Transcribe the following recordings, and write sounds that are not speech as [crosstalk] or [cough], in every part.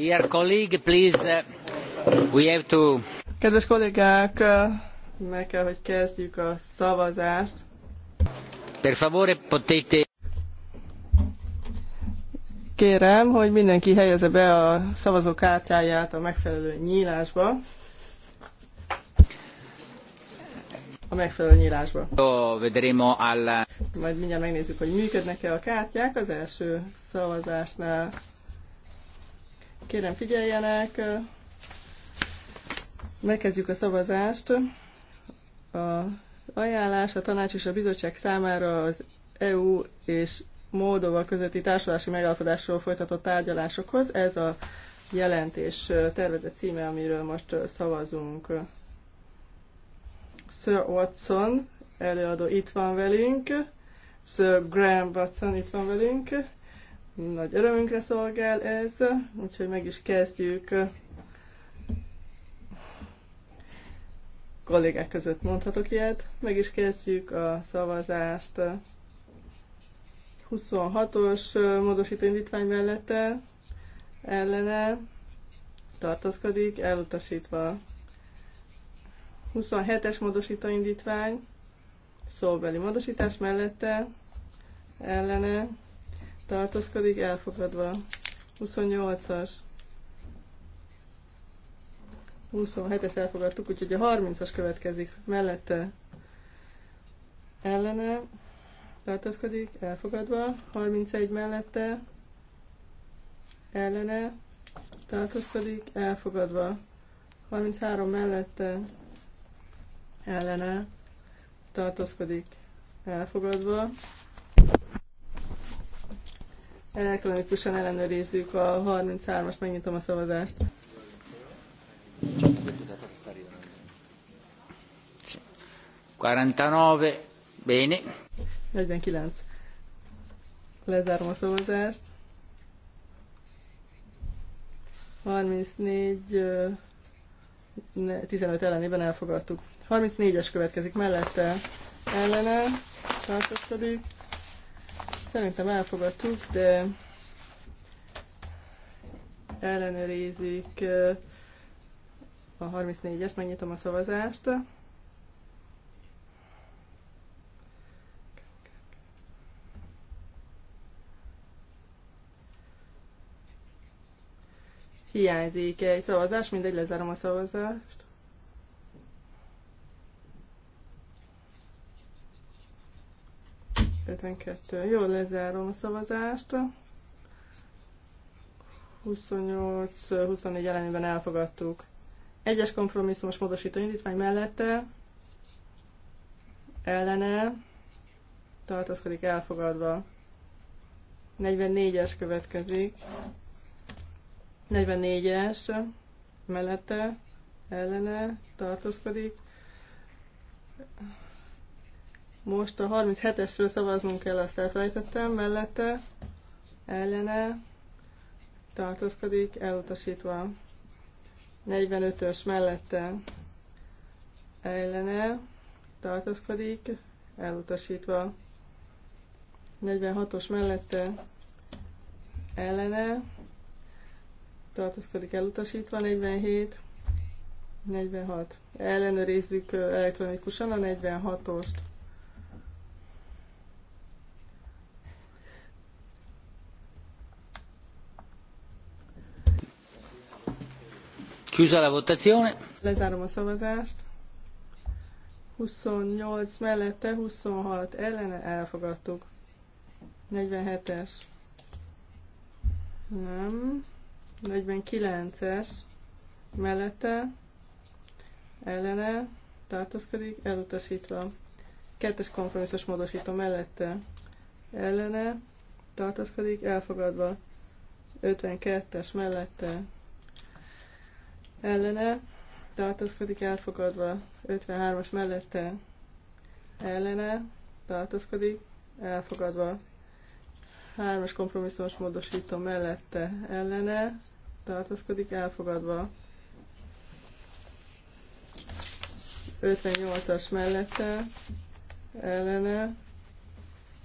Uh, Kedves kollégák, uh, meg kell, hogy kezdjük a szavazást. Per favore, potete... Kérem, hogy mindenki helyezze be a szavazókártyáját a megfelelő nyílásba. a megfelelő nyílásba. Vedremo alla... Majd mindjárt megnézzük, hogy működnek-e a kártyák. Az első szavazásnál Kérem figyeljenek, megkezdjük a szavazást. A ajánlás a tanács és a bizottság számára az EU és Moldova közötti társadalási megállapodásról folytatott tárgyalásokhoz. Ez a jelentés tervezett címe, amiről most szavazunk. Sir Watson előadó itt van velünk, Sir Graham Watson itt van velünk, nagy örömünkre szolgál ez, úgyhogy meg is kezdjük. Kollégák között mondhatok ilyet. Meg is kezdjük a szavazást. 26-os módosító indítvány mellette ellene tartozkodik, elutasítva. 27-es módosító indítvány szóbeli módosítás mellette ellene tartózkodik, elfogadva. 28-as. 27-es elfogadtuk, úgyhogy a 30-as következik mellette ellene, tartózkodik, elfogadva, 31 mellette ellene, tartózkodik, elfogadva, 33 mellette ellene, tartózkodik, elfogadva, Elektronikusan ellenőrizzük a 33-as, megnyitom a szavazást. Quarantanove, bene. 49. Lezárom a szavazást. 34, 15 ellenében elfogadtuk. 34-es következik mellette, ellene, tartózkodik, Szerintem elfogadtuk, de ellenőrizzük a 34-es, megnyitom a szavazást. Hiányzik egy szavazás, mindegy, lezárom a szavazást. 52. Jó, lezárom a szavazást. 28-24 ellenében elfogadtuk. Egyes kompromisszumos módosító indítvány mellette ellene tartózkodik elfogadva. 44-es következik. 44-es mellette ellene tartózkodik most a 37-esről szavaznunk kell, azt elfelejtettem, mellette, ellene, tartózkodik, elutasítva. 45-ös mellette, ellene, tartózkodik, elutasítva. 46-os mellette, ellene, tartózkodik elutasítva, 47, 46. Ellenőrizzük elektronikusan a 46-ost. Chiusa la votazione. Lezárom a szavazást. 28 mellette, 26 ellene elfogadtuk. 47-es. Nem. 49-es mellette ellene tartózkodik, elutasítva. Kettes kompromisszus módosító mellette ellene tartózkodik, elfogadva. 52-es mellette ellene tartózkodik elfogadva, 53-as mellette ellene tartózkodik elfogadva, 3-as kompromisszumos módosító mellette ellene tartózkodik elfogadva, 58-as mellette ellene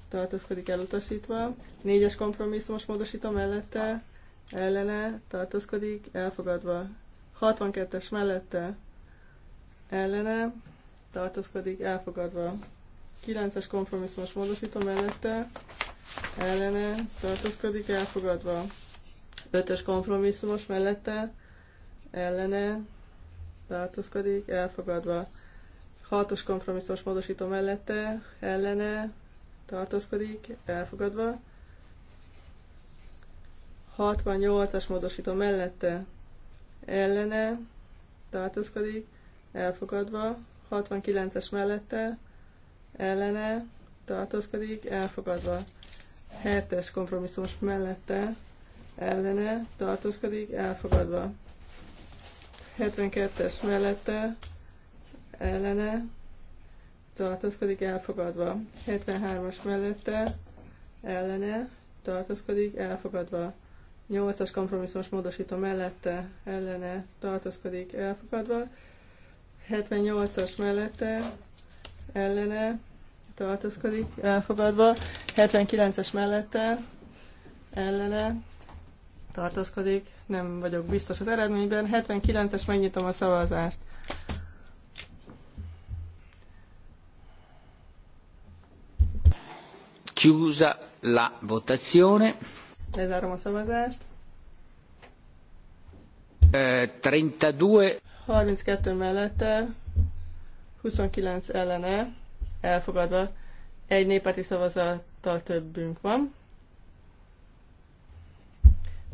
tartózkodik elutasítva, 4-es kompromisszumos módosító mellette ellene tartózkodik elfogadva, 62-es mellette ellene tartózkodik, elfogadva. 9-es kompromisszumos módosító mellette ellene tartózkodik, elfogadva. 5-ös kompromisszumos mellette ellene tartózkodik, elfogadva. 6-os kompromisszumos módosító mellette ellene tartózkodik, elfogadva. 68-as módosító mellette ellene tartózkodik, elfogadva, 69-es mellette ellene tartózkodik, elfogadva, 7-es kompromisszumos mellette ellene tartózkodik, elfogadva, 72-es mellette ellene tartózkodik, elfogadva, 73-as mellette ellene tartózkodik, elfogadva. 8-as kompromisszumos módosító mellette ellene tartózkodik elfogadva, 78-as mellette ellene tartózkodik elfogadva, 79-es mellette ellene tartózkodik, nem vagyok biztos az eredményben, 79-es megnyitom a szavazást. Chiusa la votazione. Lezárom a szavazást. 32. mellette, 29 ellene, elfogadva. Egy néppárti szavazattal többünk van.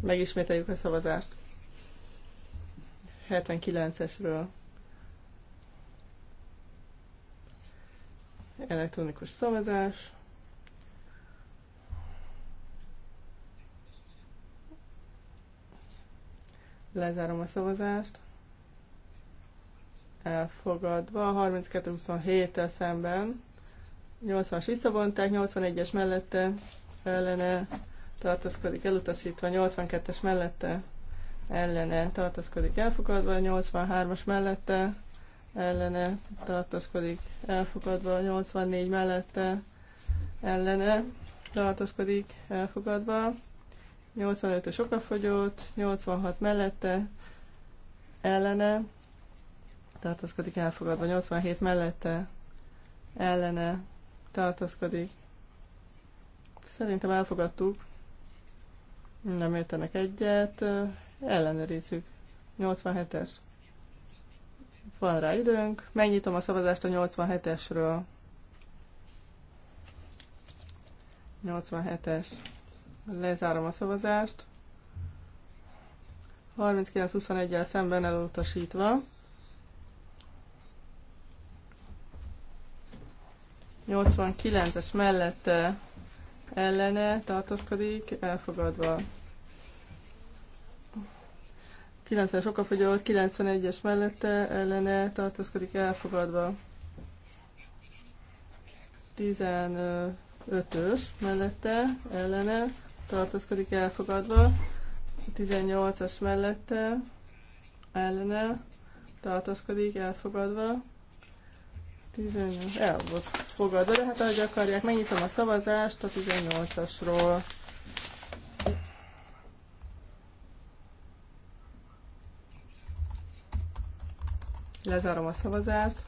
Megismételjük a szavazást. 79-esről. Elektronikus szavazás. Lezárom a szavazást. Elfogadva. 32-27-tel szemben. 80-as visszavonták, 81-es mellette ellene tartozkodik elutasítva, 82-es mellette ellene tartozkodik elfogadva, 83-as mellette ellene tartozkodik elfogadva, 84 mellette ellene tartozkodik elfogadva, 85-ös okafogyót, 86 mellette, ellene, tartózkodik elfogadva, 87 mellette, ellene, tartózkodik. Szerintem elfogadtuk, nem értenek egyet, ellenőrizzük. 87-es. Van rá időnk. Megnyitom a szavazást a 87-esről. 87-es. Lezárom a szavazást. 39-21-el szemben elutasítva. 89-es mellette ellene tartózkodik, elfogadva. 90-es okafogyott, 91-es mellette ellene tartózkodik, elfogadva. 15-ös mellette ellene tartózkodik elfogadva, 18-as mellette ellene tartózkodik elfogadva, 18 el volt fogadva, de hát ahogy akarják, megnyitom a szavazást a 18-asról. Lezárom a szavazást.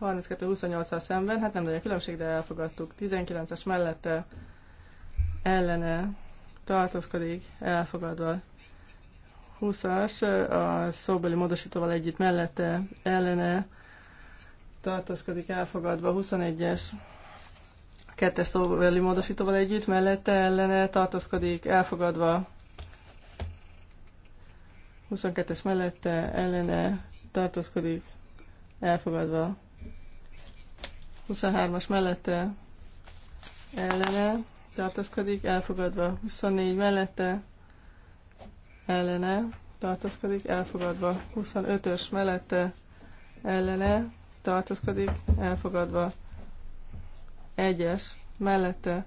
32-28-al szemben, hát nem nagy a különbség, de elfogadtuk. 19-es mellette ellene tartózkodik, elfogadva. 20-as a szóbeli módosítóval együtt mellette ellene tartózkodik, elfogadva. 21-es kettes szóbeli módosítóval együtt mellette ellene tartózkodik, elfogadva. 22-es mellette ellene tartózkodik, elfogadva. 23-as mellette ellene tartozkodik, elfogadva. 24 mellette ellene tartozkodik, elfogadva. 25-ös mellette ellene tartozkodik, elfogadva. 1-es mellette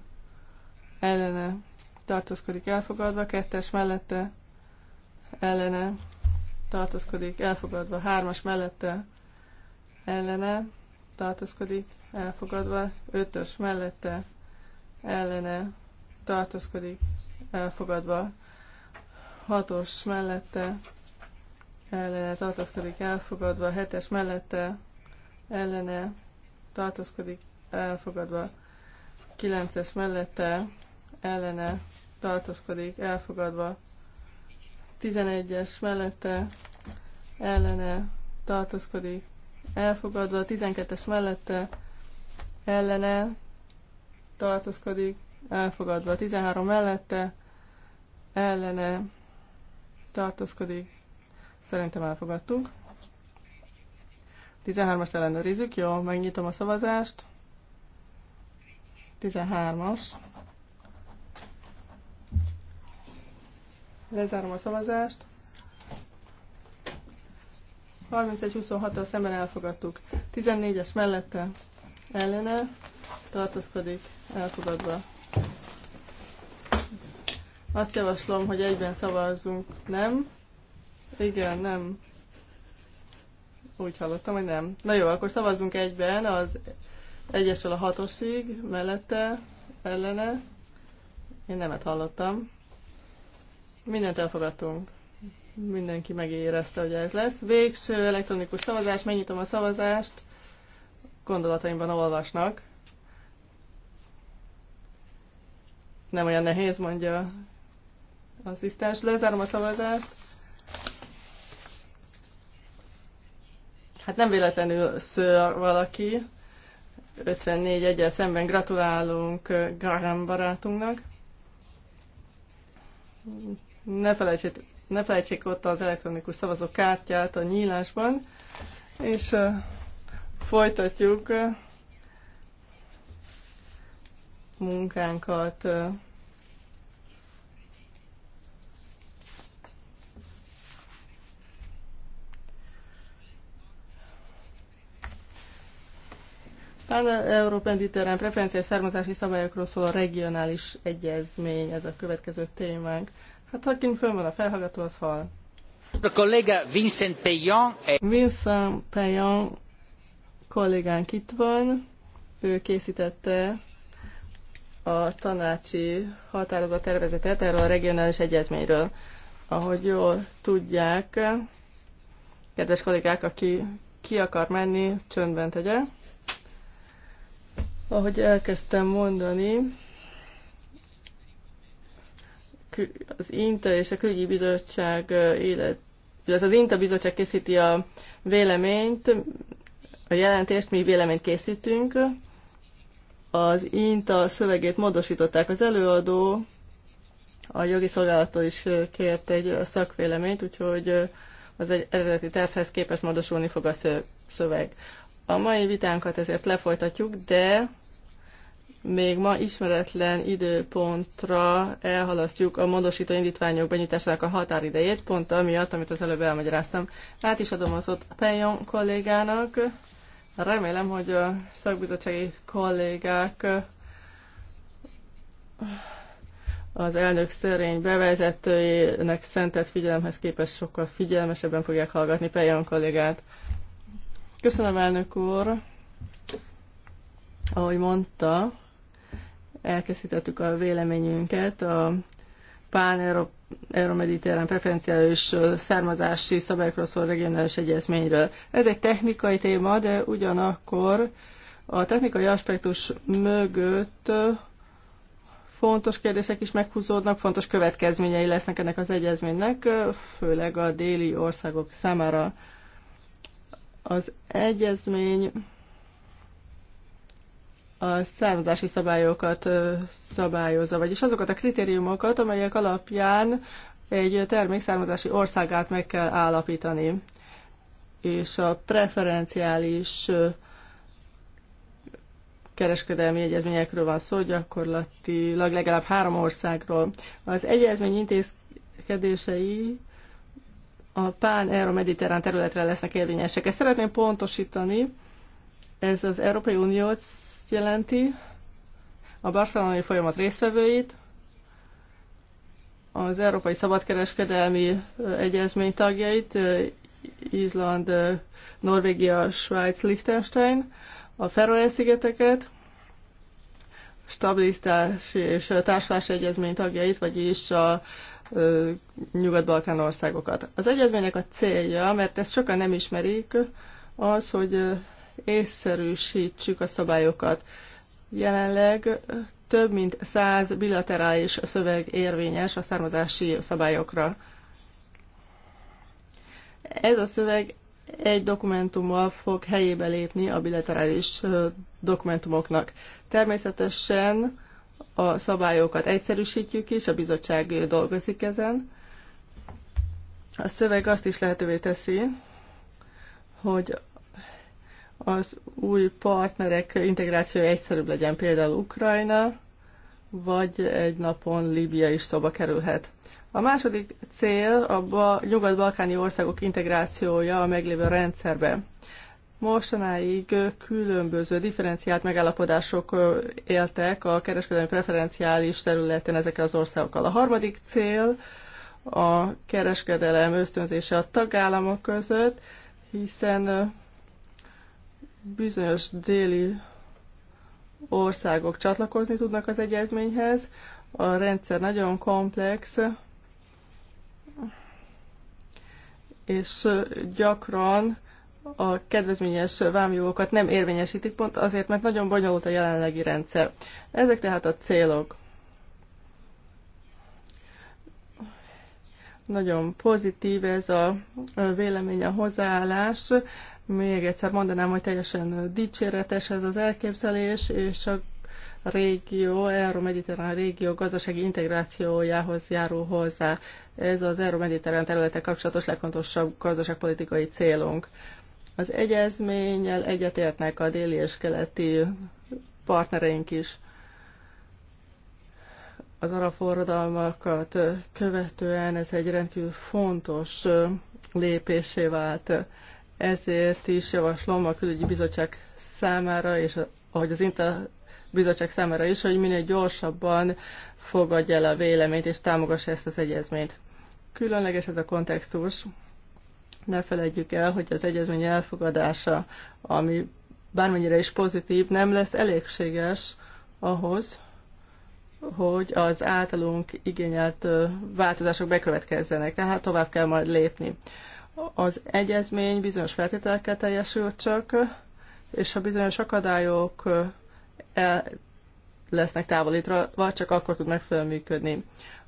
ellene tartozkodik, elfogadva. 2-es mellette ellene tartozkodik, elfogadva. 3-as mellette ellene tartózkodik, elfogadva, ötös mellette, ellene, tartózkodik, elfogadva, hatos mellette, ellene, tartózkodik, elfogadva, hetes mellette, ellene, tartózkodik, elfogadva, kilences mellette, ellene, tartózkodik, elfogadva, tizenegyes mellette ellene tartózkodik, elfogadva, a 12-es mellette ellene tartózkodik, elfogadva, a 13 mellette ellene tartózkodik, szerintem elfogadtuk. 13-as ellenőrizzük, jó, megnyitom a szavazást. 13-as. Lezárom a szavazást. 31-26-tal szemben elfogadtuk. 14-es mellette ellene tartózkodik elfogadva. Azt javaslom, hogy egyben szavazzunk. Nem? Igen, nem. Úgy hallottam, hogy nem. Na jó, akkor szavazzunk egyben az egyesről a hatosig, mellette, ellene. Én nemet hallottam. Mindent elfogadtunk. Mindenki megérezte, hogy ez lesz. Végső elektronikus szavazás, megnyitom a szavazást. Gondolataimban olvasnak. Nem olyan nehéz, mondja az asszisztens. Lezárom a szavazást. Hát nem véletlenül ször valaki. 54 egyel szemben gratulálunk uh, Graham barátunknak. Ne felejtsétek ne felejtsék ott az elektronikus szavazókártyát a nyílásban, és folytatjuk munkánkat. Pán-Európa-Mediterrán hát, preferenciás származási szabályokról szól a regionális egyezmény, ez a következő témánk. Hát akin fönn van a felhallgató, az hal. A kolléga Vincent Payan. Vincent Payan kollégánk itt van. Ő készítette a tanácsi határozat tervezetet erről a regionális egyezményről. Ahogy jól tudják, kedves kollégák, aki ki akar menni, csöndben tegye. Ahogy elkezdtem mondani, az INTA és a Külügyi Bizottság élet, illetve az INTA Bizottság készíti a véleményt, a jelentést, mi véleményt készítünk. Az INTA szövegét módosították az előadó, a jogi szolgálattól is kért egy szakvéleményt, úgyhogy az egy eredeti tervhez képest módosulni fog a szöveg. A mai vitánkat ezért lefolytatjuk, de még ma ismeretlen időpontra elhalasztjuk a módosító indítványok benyújtásának a határidejét, pont amiatt, amit az előbb elmagyaráztam. Át is adom az ott Pejon kollégának. Remélem, hogy a szakbizottsági kollégák az elnök szerény bevezetőjének szentett figyelemhez képest sokkal figyelmesebben fogják hallgatni Pejon kollégát. Köszönöm, elnök úr! Ahogy mondta, elkészítettük a véleményünket a pán-euromediterrán preferenciális származási szabályokról szól regionális egyezményről. Ez egy technikai téma, de ugyanakkor a technikai aspektus mögött fontos kérdések is meghúzódnak, fontos következményei lesznek ennek az egyezménynek, főleg a déli országok számára. Az egyezmény a származási szabályokat szabályozza, vagyis azokat a kritériumokat, amelyek alapján egy termék származási országát meg kell állapítani. És a preferenciális kereskedelmi egyezményekről van szó, gyakorlatilag legalább három országról. Az egyezmény intézkedései a pán mediterrán területre lesznek érvényesek. Ezt szeretném pontosítani, ez az Európai Uniót jelenti a barcelonai folyamat résztvevőit, az Európai Szabadkereskedelmi Egyezmény tagjait, Izland, Norvégia, Svájc, Liechtenstein, a Feroe-szigeteket, stabilitási és társulási egyezmény tagjait, vagyis a Nyugat-Balkán országokat. Az egyezménynek a célja, mert ezt sokan nem ismerik, az, hogy észszerűsítsük a szabályokat. Jelenleg több mint száz bilaterális szöveg érvényes a származási szabályokra. Ez a szöveg egy dokumentummal fog helyébe lépni a bilaterális dokumentumoknak. Természetesen a szabályokat egyszerűsítjük is, a bizottság dolgozik ezen. A szöveg azt is lehetővé teszi, hogy az új partnerek integrációja egyszerűbb legyen, például Ukrajna, vagy egy napon Líbia is szoba kerülhet. A második cél a nyugat-balkáni országok integrációja a meglévő rendszerbe. Mostanáig különböző differenciált megállapodások éltek a kereskedelmi preferenciális területen ezekkel az országokkal. A harmadik cél a kereskedelem ösztönzése a tagállamok között, hiszen bizonyos déli országok csatlakozni tudnak az egyezményhez. A rendszer nagyon komplex, és gyakran a kedvezményes vámjogokat nem érvényesítik, pont azért, mert nagyon bonyolult a jelenlegi rendszer. Ezek tehát a célok. Nagyon pozitív ez a vélemény, a hozzáállás, még egyszer mondanám, hogy teljesen dicséretes ez az elképzelés, és a régió, euró-mediterrán régió gazdasági integrációjához járó hozzá. Ez az euró-mediterrán területek kapcsolatos legfontosabb gazdaságpolitikai célunk. Az egyezménnyel egyetértnek a déli és keleti partnereink is. Az arab forradalmakat követően ez egy rendkívül fontos lépésé vált. Ezért is javaslom a külügyi bizottság számára, és ahogy az Inter bizottság számára is, hogy minél gyorsabban fogadja el a véleményt és támogassa ezt az egyezményt. Különleges ez a kontextus. Ne felejtjük el, hogy az egyezmény elfogadása, ami bármennyire is pozitív, nem lesz elégséges ahhoz, hogy az általunk igényelt változások bekövetkezzenek, tehát tovább kell majd lépni. Az egyezmény bizonyos feltételeket teljesül csak, és ha bizonyos akadályok el eh, lesznek távolítva, csak akkor tud megfelelően működni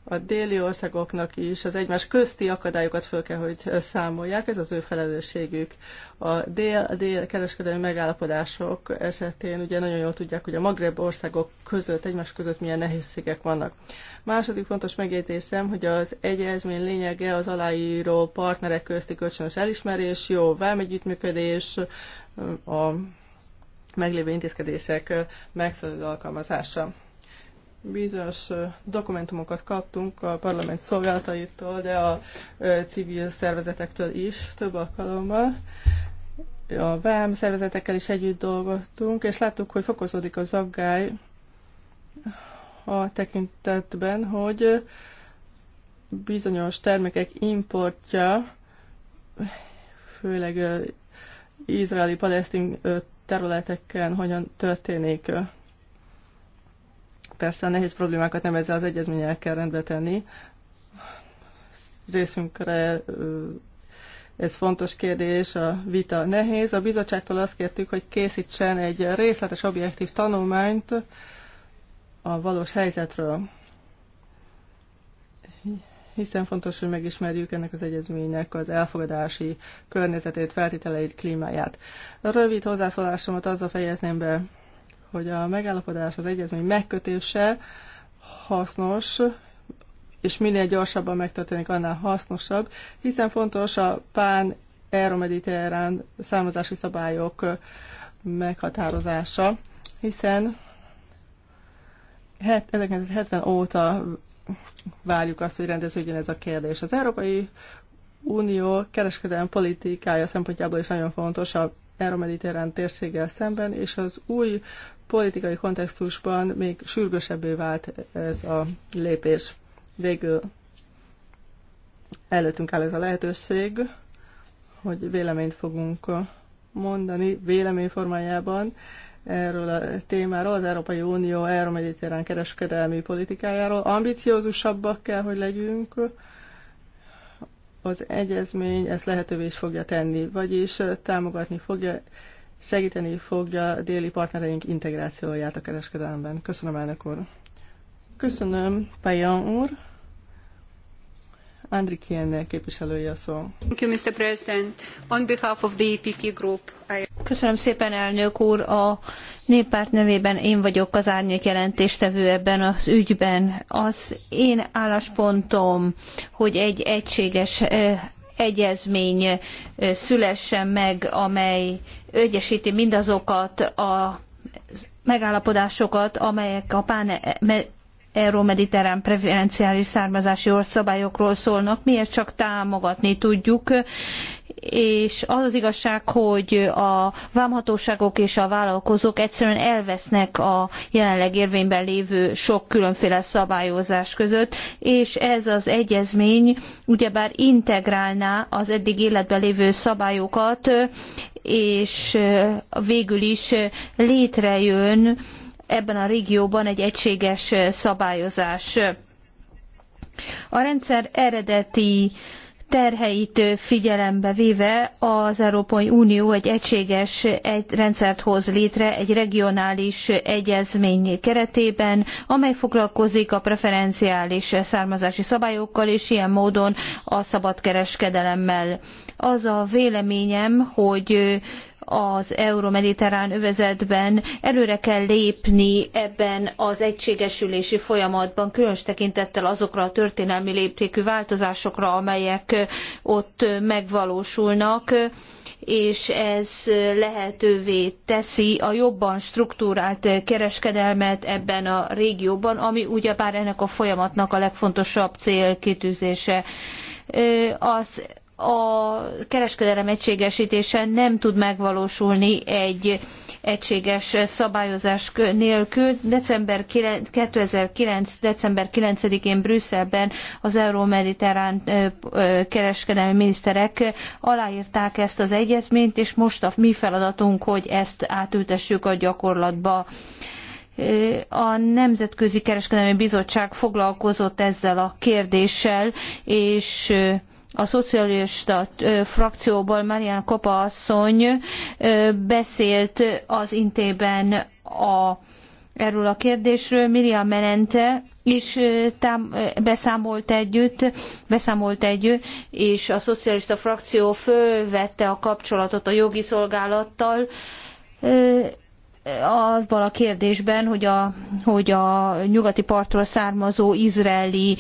a déli országoknak is az egymás közti akadályokat föl kell, hogy számolják, ez az ő felelősségük. A dél-dél kereskedelmi megállapodások esetén ugye nagyon jól tudják, hogy a Magreb országok között, egymás között milyen nehézségek vannak. Második fontos megjegyzésem, hogy az egyezmény lényege az aláíró partnerek közti kölcsönös elismerés, jó vámegyüttműködés, a meglévő intézkedések megfelelő alkalmazása bizonyos dokumentumokat kaptunk a parlament szolgálataitól, de a civil szervezetektől is több alkalommal. A VÁM szervezetekkel is együtt dolgoztunk, és láttuk, hogy fokozódik az aggály a tekintetben, hogy bizonyos termékek importja, főleg izraeli-palesztin területeken hogyan történik Persze a nehéz problémákat nem ezzel az egyezménnyel kell rendbe tenni. Részünkre ez fontos kérdés, a vita nehéz. A bizottságtól azt kértük, hogy készítsen egy részletes objektív tanulmányt a valós helyzetről. Hiszen fontos, hogy megismerjük ennek az egyezménynek az elfogadási környezetét, feltételeit, klímáját. A rövid hozzászólásomat azzal fejezném be, hogy a megállapodás, az egyezmény megkötése hasznos, és minél gyorsabban megtörténik, annál hasznosabb, hiszen fontos a pán euromediterrán származási szabályok meghatározása, hiszen 1970 óta várjuk azt, hogy rendeződjön ez a kérdés. Az Európai Unió kereskedelmi politikája szempontjából is nagyon fontos a euromediterrán térséggel szemben, és az új politikai kontextusban még sürgősebbé vált ez a lépés. Végül előttünk áll ez a lehetőség, hogy véleményt fogunk mondani vélemény formájában erről a témáról, az Európai Unió euromediterrán kereskedelmi politikájáról. Ambiciózusabbak kell, hogy legyünk. Az egyezmény ezt lehetővé is fogja tenni, vagyis támogatni fogja segíteni fogja déli partnereink integrációját a kereskedelemben. Köszönöm, elnök úr. Köszönöm, Pajan úr. Andri Kienne képviselője a szó. Thank you, Mr. President. On behalf of the EPP Group, I... Köszönöm szépen, elnök úr. A néppárt nevében én vagyok az árnyék jelentéstevő ebben az ügyben. Az én álláspontom, hogy egy egységes eh, egyezmény szülessen meg, amely egyesíti mindazokat a megállapodásokat, amelyek a pán euró-mediterrán preferenciális származási országokról szólnak, miért csak támogatni tudjuk, és az az igazság, hogy a vámhatóságok és a vállalkozók egyszerűen elvesznek a jelenleg érvényben lévő sok különféle szabályozás között, és ez az egyezmény ugyebár integrálná az eddig életben lévő szabályokat, és végül is létrejön ebben a régióban egy egységes szabályozás. A rendszer eredeti terheit figyelembe véve az Európai Unió egy egységes egy rendszert hoz létre egy regionális egyezmény keretében, amely foglalkozik a preferenciális származási szabályokkal és ilyen módon a szabadkereskedelemmel. Az a véleményem, hogy az euromediterrán övezetben előre kell lépni ebben az egységesülési folyamatban, különös tekintettel azokra a történelmi léptékű változásokra, amelyek ott megvalósulnak, és ez lehetővé teszi a jobban struktúrált kereskedelmet ebben a régióban, ami ugyebár ennek a folyamatnak a legfontosabb célkitűzése. Az a kereskedelem egységesítése nem tud megvalósulni egy egységes szabályozás nélkül. December 9, 2009. december 9-én Brüsszelben az euró-mediterrán kereskedelmi miniszterek aláírták ezt az egyezményt, és most a mi feladatunk, hogy ezt átültessük a gyakorlatba. A Nemzetközi Kereskedelmi Bizottság foglalkozott ezzel a kérdéssel, és a szocialista frakcióból Marian Kopa asszony beszélt az intében a erről a kérdésről. Miriam Menente is tám, beszámolt együtt, beszámolt együtt, és a szocialista frakció fölvette a kapcsolatot a jogi szolgálattal, azzal a kérdésben, hogy a, hogy a nyugati partról származó izraeli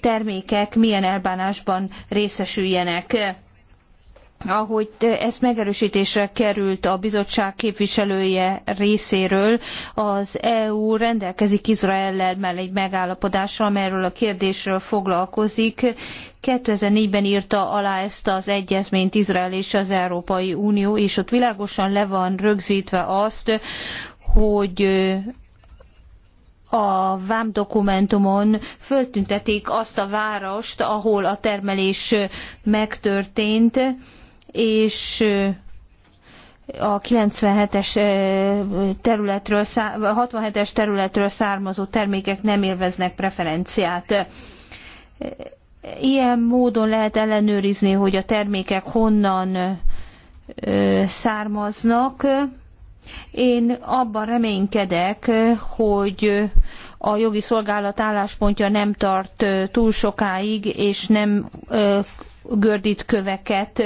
termékek milyen elbánásban részesüljenek ahogy ez megerősítésre került a bizottság képviselője részéről, az EU rendelkezik Izraellel egy megállapodással, amelyről a kérdésről foglalkozik. 2004-ben írta alá ezt az egyezményt Izrael és az Európai Unió, és ott világosan le van rögzítve azt, hogy a vámdokumentumon föltüntetik azt a várost, ahol a termelés megtörtént, és a 97-es területről, 67-es területről származó termékek nem élveznek preferenciát. Ilyen módon lehet ellenőrizni, hogy a termékek honnan származnak. Én abban reménykedek, hogy a jogi szolgálat álláspontja nem tart túl sokáig, és nem gördít köveket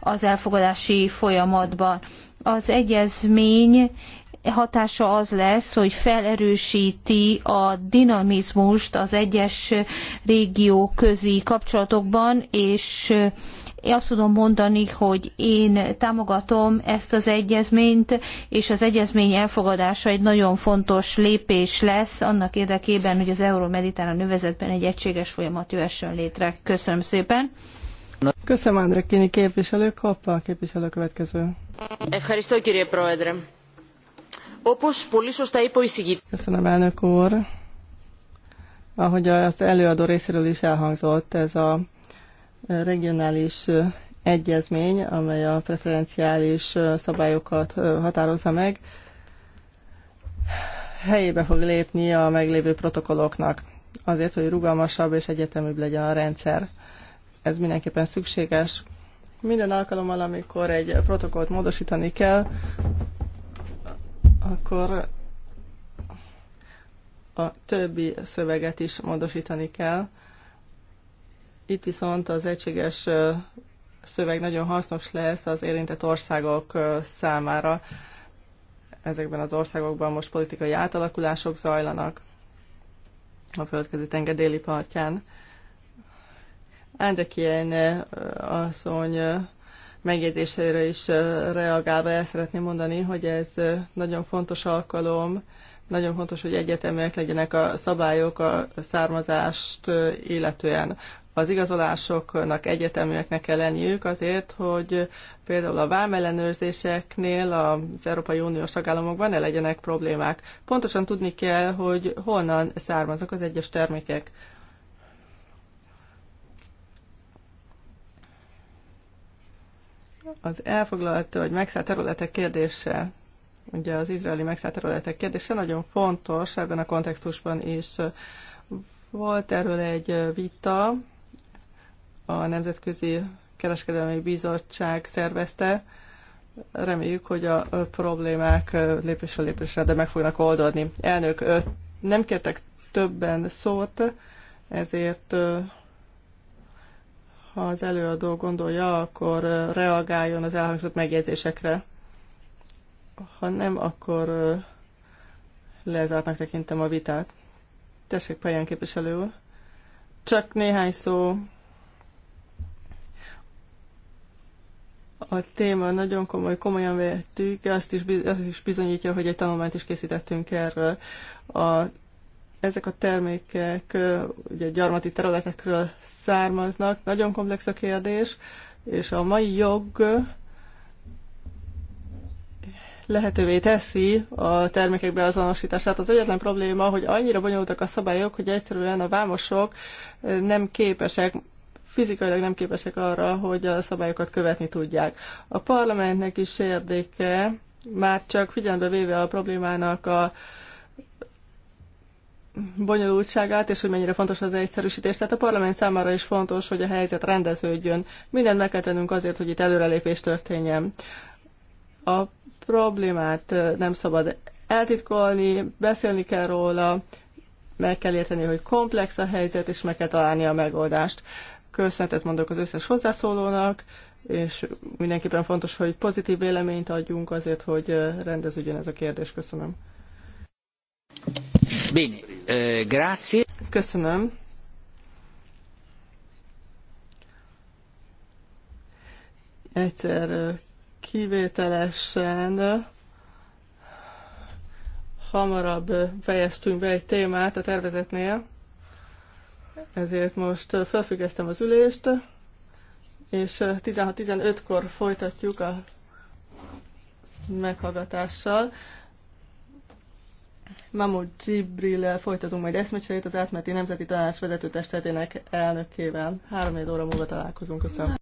az elfogadási folyamatban. Az egyezmény hatása az lesz, hogy felerősíti a dinamizmust az egyes régió közi kapcsolatokban, és én azt tudom mondani, hogy én támogatom ezt az egyezményt, és az egyezmény elfogadása egy nagyon fontos lépés lesz annak érdekében, hogy az euró-mediterrán övezetben egy egységes folyamat jöhessen létre. Köszönöm szépen! Köszönöm, Andrekini képviselő. Kappa a képviselő következő. Köszönöm, elnök úr. Ahogy az előadó részéről is elhangzott, ez a regionális egyezmény, amely a preferenciális szabályokat határozza meg, helyébe fog lépni a meglévő protokolloknak, azért, hogy rugalmasabb és egyeteműbb legyen a rendszer ez mindenképpen szükséges. Minden alkalommal, amikor egy protokollt módosítani kell, akkor a többi szöveget is módosítani kell. Itt viszont az egységes szöveg nagyon hasznos lesz az érintett országok számára. Ezekben az országokban most politikai átalakulások zajlanak a földközi tenger déli partján ilyen eh, asszony eh, megjegyzésére is eh, reagálva el szeretném mondani, hogy ez nagyon fontos alkalom, nagyon fontos, hogy egyeteműek legyenek a szabályok a származást illetően. Az igazolásoknak egyeteműeknek kell lenniük azért, hogy például a vámellenőrzéseknél az Európai Uniós tagállamokban ne legyenek problémák. Pontosan tudni kell, hogy honnan származnak az egyes termékek. Az elfoglalt vagy megszállt területek kérdése, ugye az izraeli megszállt területek kérdése nagyon fontos ebben a kontextusban is. Volt erről egy vita, a Nemzetközi Kereskedelmi Bizottság szervezte, reméljük, hogy a problémák lépésről lépésre, de meg fognak oldódni. Elnök, nem kértek többen szót, ezért ha az előadó gondolja, akkor reagáljon az elhangzott megjegyzésekre. Ha nem, akkor lezártnak tekintem a vitát. Tessék, Paján képviselő úr. Csak néhány szó. A téma nagyon komoly, komolyan vettük, azt is, azt is bizonyítja, hogy egy tanulmányt is készítettünk erről. A ezek a termékek ugye gyarmati területekről származnak, nagyon komplex a kérdés, és a mai jog lehetővé teszi a termékek beazonosítását. Az egyetlen probléma, hogy annyira bonyolultak a szabályok, hogy egyszerűen a vámosok nem képesek fizikailag nem képesek arra, hogy a szabályokat követni tudják. A parlamentnek is érdeke, már csak figyelembe véve a problémának a bonyolultságát, és hogy mennyire fontos az egyszerűsítés. Tehát a parlament számára is fontos, hogy a helyzet rendeződjön. Mindent meg kell tennünk azért, hogy itt előrelépés történjen. A problémát nem szabad eltitkolni, beszélni kell róla, meg kell érteni, hogy komplex a helyzet, és meg kell találni a megoldást. Köszönetet mondok az összes hozzászólónak, és mindenképpen fontos, hogy pozitív véleményt adjunk azért, hogy rendeződjön ez a kérdés. Köszönöm. Bene, eh, grazie. Köszönöm. Egyszer eh, kivételesen eh, hamarabb eh, fejeztünk be egy témát a tervezetnél, ezért most felfüggesztem az ülést, és 16-15-kor folytatjuk a meghallgatással. Mamud Gibril folytatunk majd eszmecserét az átmeti nemzeti tanács vezetőtestetének elnökével. Három óra múlva találkozunk. Köszönöm.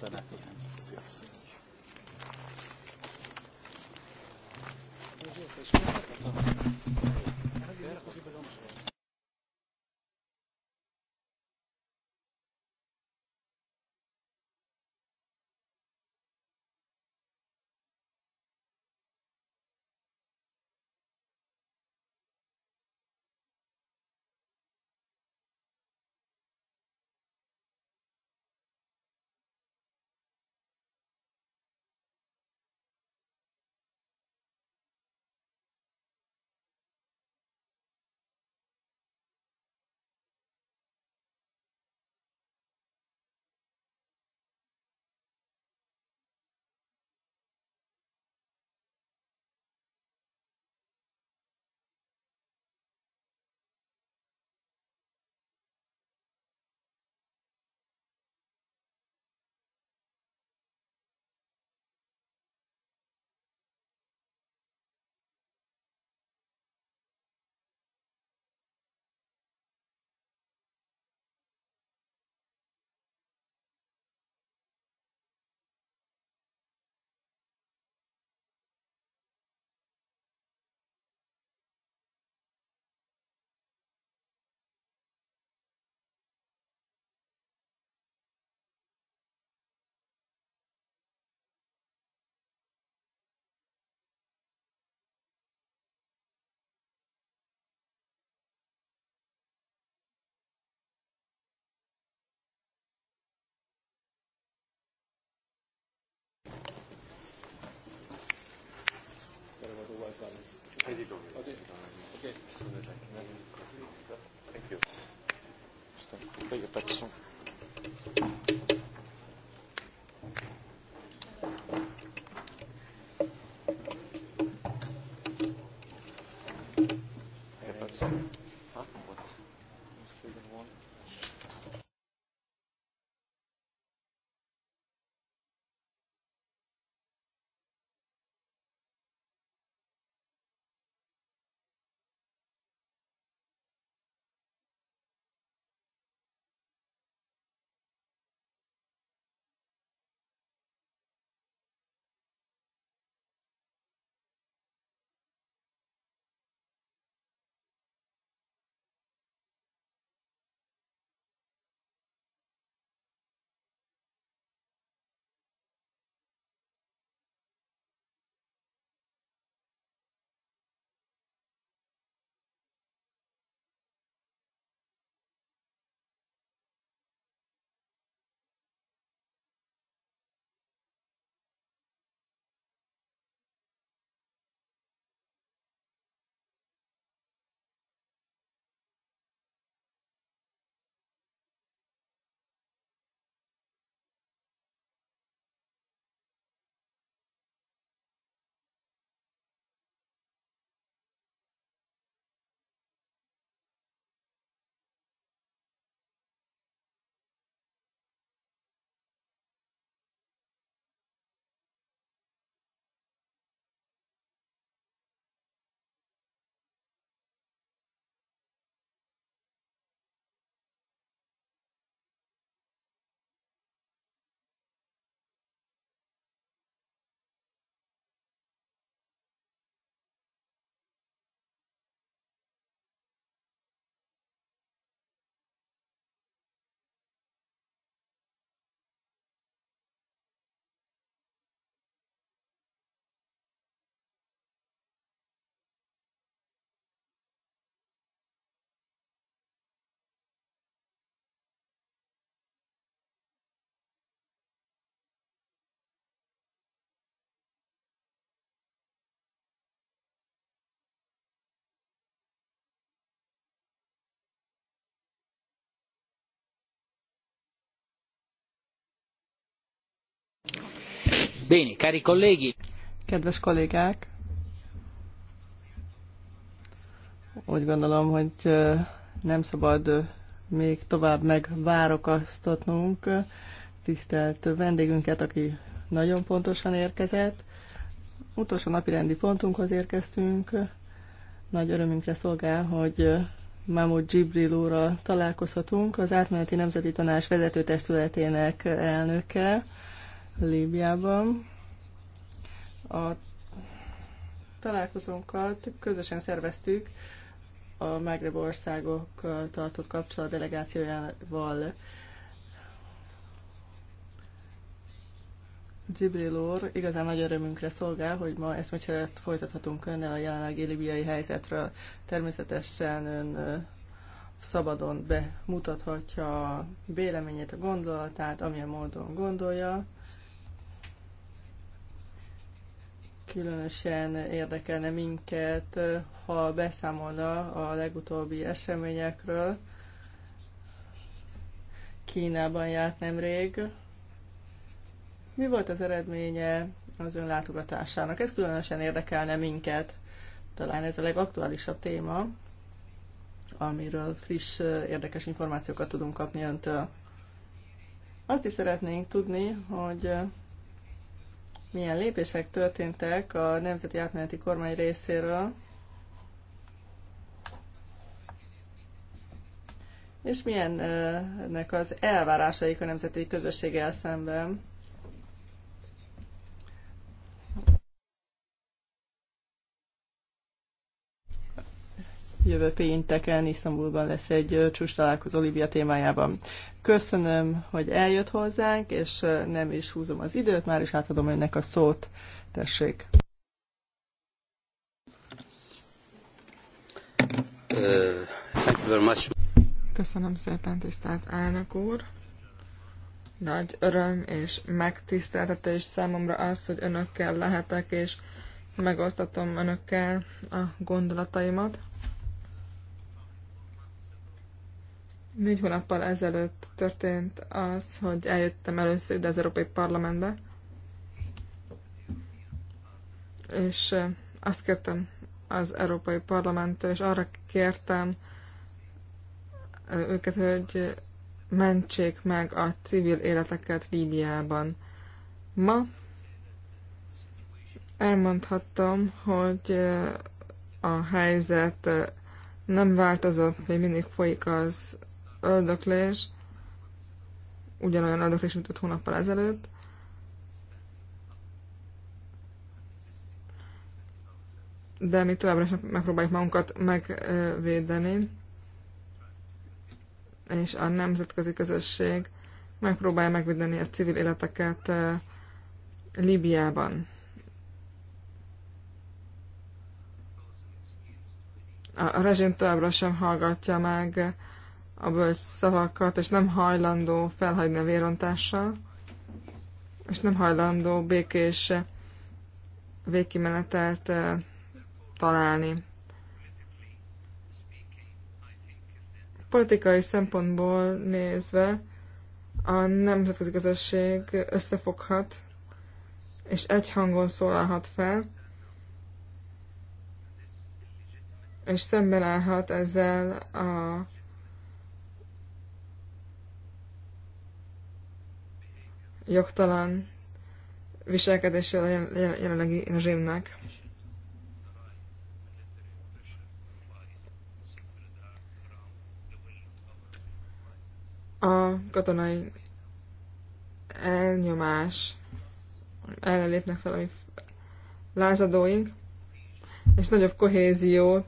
Köszönöm. Thank you. Bene, cari colleghi. Kedves kollégák, úgy gondolom, hogy nem szabad még tovább megvárokasztatnunk tisztelt vendégünket, aki nagyon pontosan érkezett. Utolsó napi rendi pontunkhoz érkeztünk. Nagy örömünkre szolgál, hogy Mamut Gibril úrral találkozhatunk, az átmeneti nemzeti tanács vezetőtestületének elnöke Líbiában. A találkozónkat közösen szerveztük a Magreb országok tartott kapcsolat delegációjával. Gibril úr, igazán nagy örömünkre szolgál, hogy ma ezt eszmecseret folytathatunk önnel a jelenlegi libiai helyzetről. Természetesen ön szabadon bemutathatja a véleményét, a gondolatát, amilyen módon gondolja. Különösen érdekelne minket, ha beszámolna a legutóbbi eseményekről. Kínában járt nemrég. Mi volt az eredménye az ön látogatásának? Ez különösen érdekelne minket. Talán ez a legaktuálisabb téma, amiről friss, érdekes információkat tudunk kapni öntől. Azt is szeretnénk tudni, hogy milyen lépések történtek a Nemzeti Átmeneti Kormány részéről, és milyennek az elvárásaik a nemzeti közösséggel szemben. Jövő pénteken Isztambulban lesz egy csúcs találkozó Libia témájában. Köszönöm, hogy eljött hozzánk, és nem is húzom az időt, már is átadom önnek a szót. Tessék. Köszönöm szépen, tisztelt elnök úr! Nagy öröm és megtiszteltetés számomra az, hogy önökkel lehetek, és megosztatom önökkel a gondolataimat. Négy hónappal ezelőtt történt az, hogy eljöttem először ide az Európai Parlamentbe, és azt kértem az Európai Parlamenttől, és arra kértem őket, hogy mentsék meg a civil életeket Líbiában. Ma elmondhattam hogy a helyzet nem változott, még mindig folyik az öldöklés, ugyanolyan öldöklés, mint öt hónappal ezelőtt. De mi továbbra is megpróbáljuk magunkat megvédeni, és a nemzetközi közösség megpróbálja megvédeni a civil életeket Líbiában. a rezsim továbbra sem hallgatja meg a bölcs szavakat, és nem hajlandó felhagyni a vérontással, és nem hajlandó békés végkimenetelt eh, találni. Politikai szempontból nézve a nemzetközi közösség összefoghat, és egy hangon szólalhat fel, és szemben állhat ezzel a jogtalan viselkedéssel a jelenlegi rezsimnek. A katonai elnyomás ellen lépnek fel a lázadóink, és nagyobb kohézió,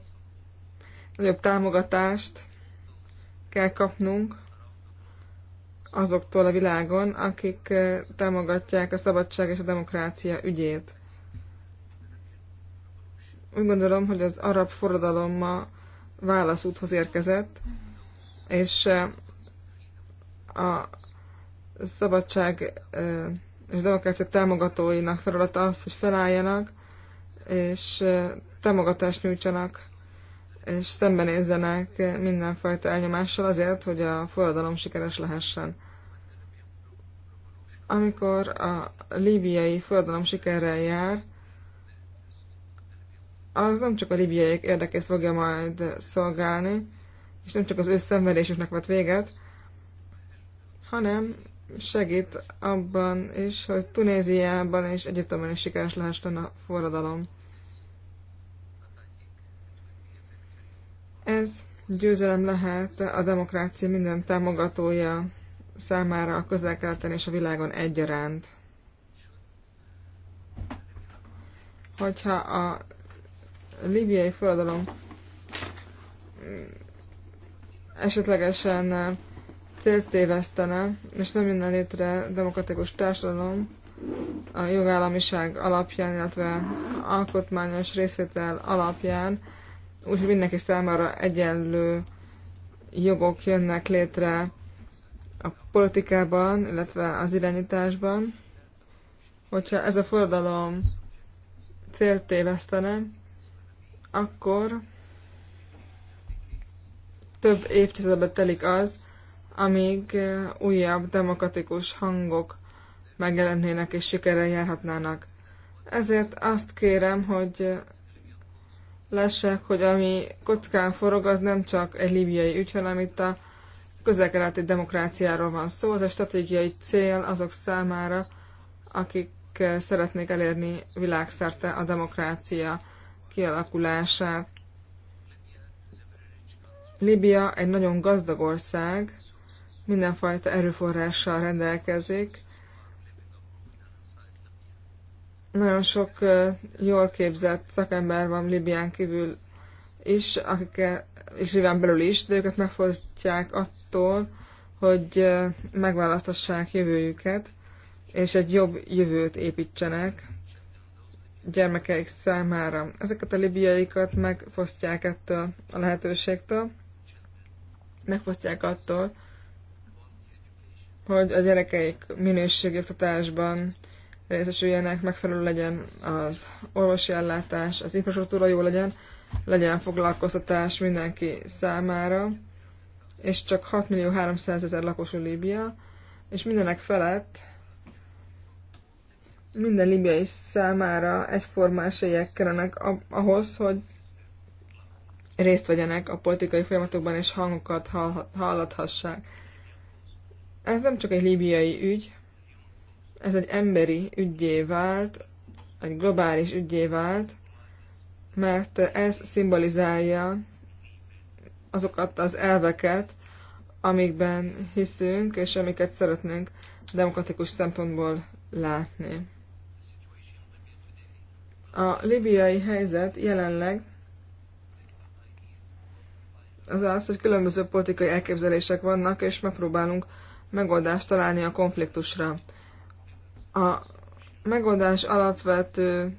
nagyobb támogatást kell kapnunk azoktól a világon, akik támogatják a szabadság és a demokrácia ügyét. Úgy gondolom, hogy az arab forradalom ma válaszúthoz érkezett, és a szabadság és demokrácia támogatóinak feladata az, hogy felálljanak, és támogatást nyújtsanak és szembenézzenek mindenfajta elnyomással azért, hogy a forradalom sikeres lehessen. Amikor a líbiai forradalom sikerrel jár, az nem csak a libiaiak érdekét fogja majd szolgálni, és nem csak az ő szenvedésüknek vett véget, hanem segít abban is, hogy Tunéziában és Egyiptomban is sikeres lehessen a forradalom. Ez győzelem lehet a demokrácia minden támogatója számára a közel és a világon egyaránt. Hogyha a libiai forradalom esetlegesen célt tévesztene, és nem minden létre demokratikus társadalom a jogállamiság alapján, illetve alkotmányos részvétel alapján, úgyhogy mindenki számára egyenlő jogok jönnek létre a politikában, illetve az irányításban. Hogyha ez a forradalom célt tévesztene, akkor több évtizedbe telik az, amíg újabb demokratikus hangok megjelennének és sikerrel járhatnának. Ezért azt kérem, hogy lássák, hogy ami kockán forog, az nem csak egy libiai ügy, hanem itt a közelkeleti demokráciáról van szó. Ez a stratégiai cél azok számára, akik eh, szeretnék elérni világszerte a demokrácia kialakulását. Libia egy nagyon gazdag ország, mindenfajta erőforrással rendelkezik, nagyon sok jól képzett szakember van Libyán kívül is, akik és Libyán belül is, de őket megfosztják attól, hogy megválasztassák jövőjüket, és egy jobb jövőt építsenek gyermekeik számára. Ezeket a libiaikat megfosztják ettől a lehetőségtől, megfosztják attól, hogy a gyerekeik minőségi oktatásban részesüljenek, megfelelő legyen az orvosi ellátás, az infrastruktúra jó legyen, legyen foglalkoztatás mindenki számára, és csak 6 millió 300 ezer lakosú Líbia, és mindenek felett minden libiai számára egyforma esélyek kellenek ahhoz, hogy részt vegyenek a politikai folyamatokban és hangokat hallathassák. Ez nem csak egy libiai ügy, ez egy emberi ügyé vált, egy globális ügyé vált, mert ez szimbolizálja azokat az elveket, amikben hiszünk, és amiket szeretnénk demokratikus szempontból látni. A libiai helyzet jelenleg az az, hogy különböző politikai elképzelések vannak, és megpróbálunk megoldást találni a konfliktusra. A megoldás alapvető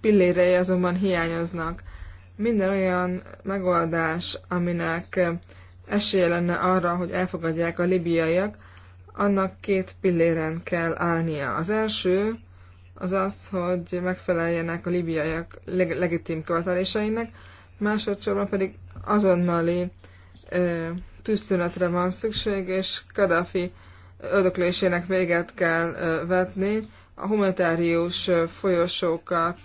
pillérei azonban hiányoznak. Minden olyan megoldás, aminek esélye lenne arra, hogy elfogadják a libiaiak, annak két pilléren kell állnia. Az első az az, hogy megfeleljenek a libiaiak leg- legitim követeléseinek, másodszorban pedig azonnali ö, tűzszünetre van szükség, és Kadhafi ödöklésének véget kell vetni, a humanitárius folyosókat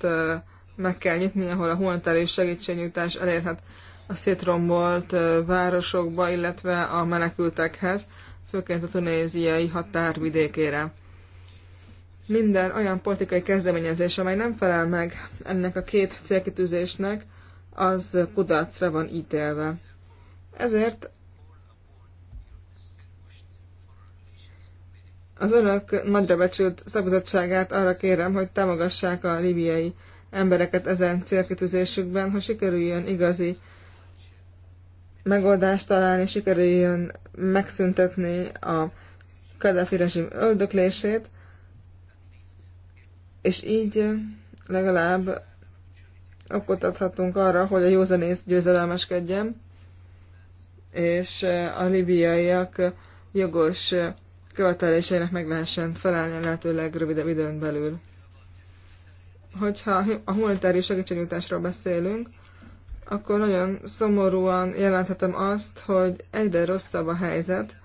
meg kell nyitni, ahol a humanitárius segítségnyújtás elérhet a szétrombolt városokba, illetve a menekültekhez, főként a tunéziai határvidékére. Minden olyan politikai kezdeményezés, amely nem felel meg ennek a két célkitűzésnek, az kudarcra van ítélve. Ezért Az önök nagyra becsült szakbizottságát arra kérem, hogy támogassák a libiai embereket ezen célkitűzésükben, hogy sikerüljön igazi megoldást találni, sikerüljön megszüntetni a Kadhafi rezsim öldöklését, és így legalább okot adhatunk arra, hogy a józanész győzelmeskedjen, és a libiaiak jogos követeléseinek meg lehessen felelni a lehető legrövidebb időn belül. Hogyha a humanitárius segítségnyújtásról beszélünk, akkor nagyon szomorúan jelenthetem azt, hogy egyre rosszabb a helyzet.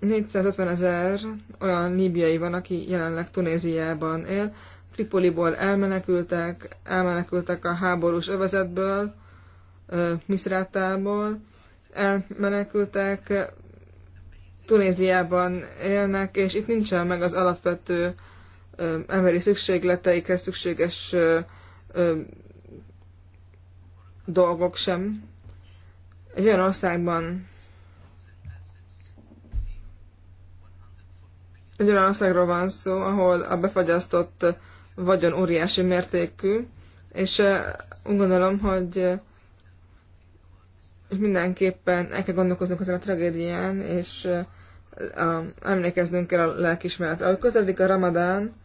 450 ezer olyan líbiai van, aki jelenleg Tunéziában él. Tripoliból elmenekültek, elmenekültek a háborús övezetből, Misrátából, elmenekültek Tunéziában élnek, és itt nincsen meg az alapvető emberi szükségleteikhez szükséges dolgok sem. Egy olyan országban egy olyan országról van szó, ahol a befagyasztott vagyon óriási mértékű, és úgy gondolom, hogy mindenképpen el kell gondolkoznunk ezen a tragédián, és a, emlékeznünk kell a lelkismeret. Ahogy közeledik a ramadán,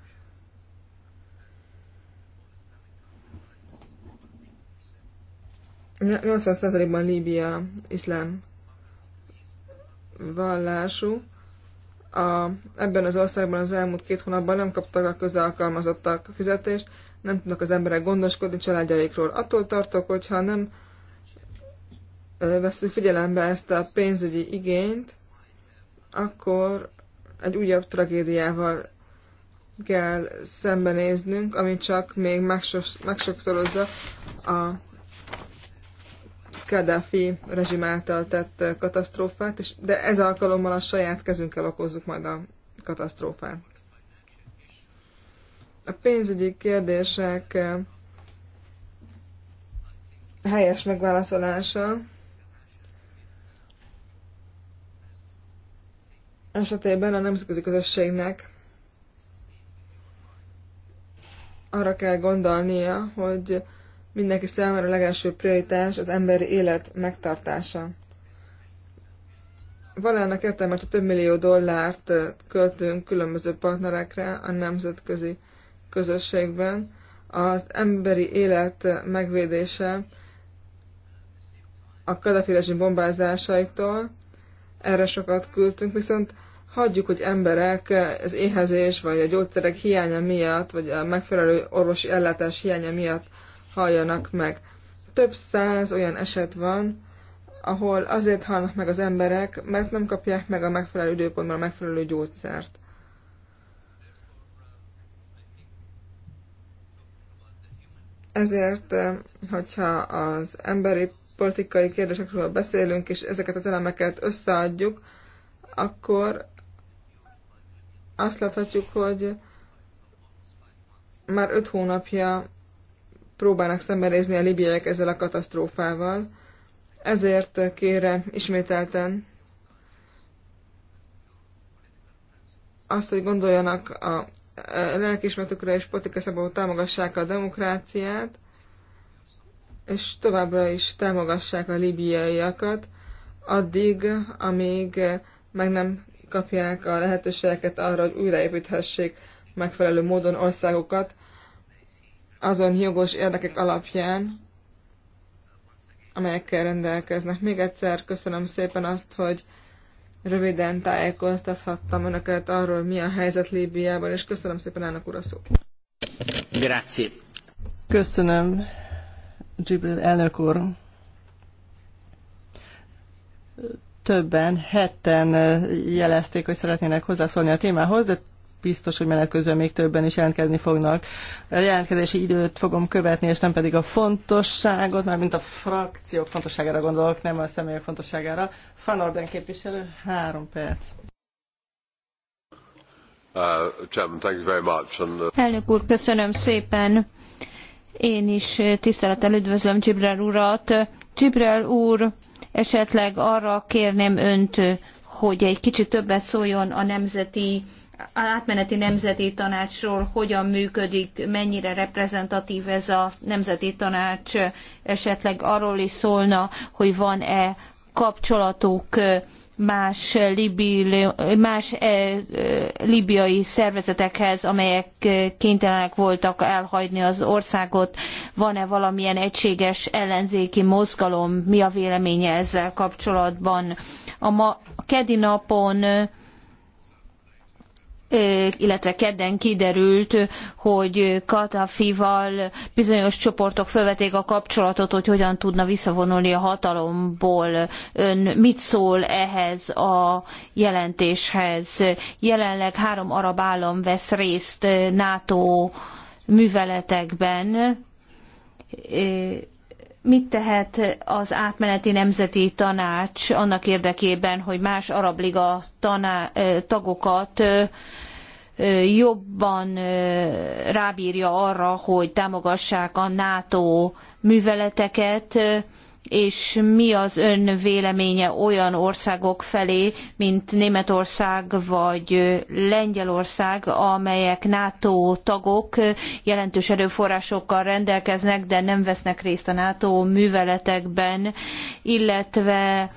ban Líbia iszlám vallású. A, ebben az országban az elmúlt két hónapban nem kaptak a közalkalmazottak fizetést, nem tudnak az emberek gondoskodni családjaikról. Attól tartok, hogyha nem veszünk figyelembe ezt a pénzügyi igényt, akkor egy újabb tragédiával kell szembenéznünk, ami csak még megsokszorozza a Kaddafi rezsim által tett katasztrófát, és, de ez alkalommal a saját kezünkkel okozzuk majd a katasztrófát. A pénzügyi kérdések eh, helyes megválaszolása esetében a nemzetközi közösségnek arra kell gondolnia, hogy mindenki számára a legelső prioritás az emberi élet megtartása. Van ennek értelme, hogy több millió dollárt költünk különböző partnerekre a nemzetközi közösségben, az emberi élet megvédése a kadafiresi bombázásaitól, erre sokat küldtünk, viszont hagyjuk, hogy emberek az éhezés, vagy a gyógyszerek hiánya miatt, vagy a megfelelő orvosi ellátás hiánya miatt halljanak meg. Több száz olyan eset van, ahol azért halnak meg az emberek, mert nem kapják meg a megfelelő időpontban a megfelelő gyógyszert. Ezért, eh, hogyha az emberi politikai kérdésekről beszélünk, és ezeket az elemeket összeadjuk, akkor azt láthatjuk, hogy már öt hónapja próbálnak szembenézni a libiaiak ezzel a katasztrófával. Ezért kérem ismételten azt, hogy gondoljanak a lelkismeretükre és politikai szabadon támogassák a demokráciát, és továbbra is támogassák a libiaiakat, addig, amíg meg nem kapják a lehetőségeket arra, hogy újraépíthessék megfelelő módon országokat azon jogos érdekek alapján, amelyekkel rendelkeznek. Még egyszer köszönöm szépen azt, hogy röviden tájékoztathattam önöket arról, mi a helyzet Líbiában, és köszönöm szépen elnök úr a szót. Grazie. Köszönöm, Gibril elnök úr. többen, hetten jelezték, hogy szeretnének hozzászólni a témához, de biztos, hogy menet közben még többen is jelentkezni fognak. A jelentkezési időt fogom követni, és nem pedig a fontosságot, már mint a frakciók fontosságára gondolok, nem a személyek fontosságára. Van Orden képviselő, három perc. Uh, Chairman, thank you very much. And, uh... Elnök úr, köszönöm szépen. Én is tisztelettel üdvözlöm Gibrel urat. Gibrel úr Esetleg arra kérném önt, hogy egy kicsit többet szóljon a nemzeti átmeneti nemzeti tanácsról hogyan működik, mennyire reprezentatív ez a nemzeti tanács, esetleg arról is szólna, hogy van-e kapcsolatuk más, libi, más eh, libiai szervezetekhez, amelyek eh, kénytelenek voltak elhagyni az országot. Van-e valamilyen egységes ellenzéki mozgalom? Mi a véleménye ezzel kapcsolatban? A ma a kedi napon illetve kedden kiderült, hogy Katafival bizonyos csoportok felvették a kapcsolatot, hogy hogyan tudna visszavonulni a hatalomból. Ön mit szól ehhez a jelentéshez? Jelenleg három arab állam vesz részt NATO műveletekben mit tehet az átmeneti nemzeti tanács annak érdekében, hogy más arab liga taná- tagokat jobban rábírja arra, hogy támogassák a NATO műveleteket, és mi az ön véleménye olyan országok felé, mint Németország vagy Lengyelország, amelyek NATO tagok jelentős erőforrásokkal rendelkeznek, de nem vesznek részt a NATO műveletekben, illetve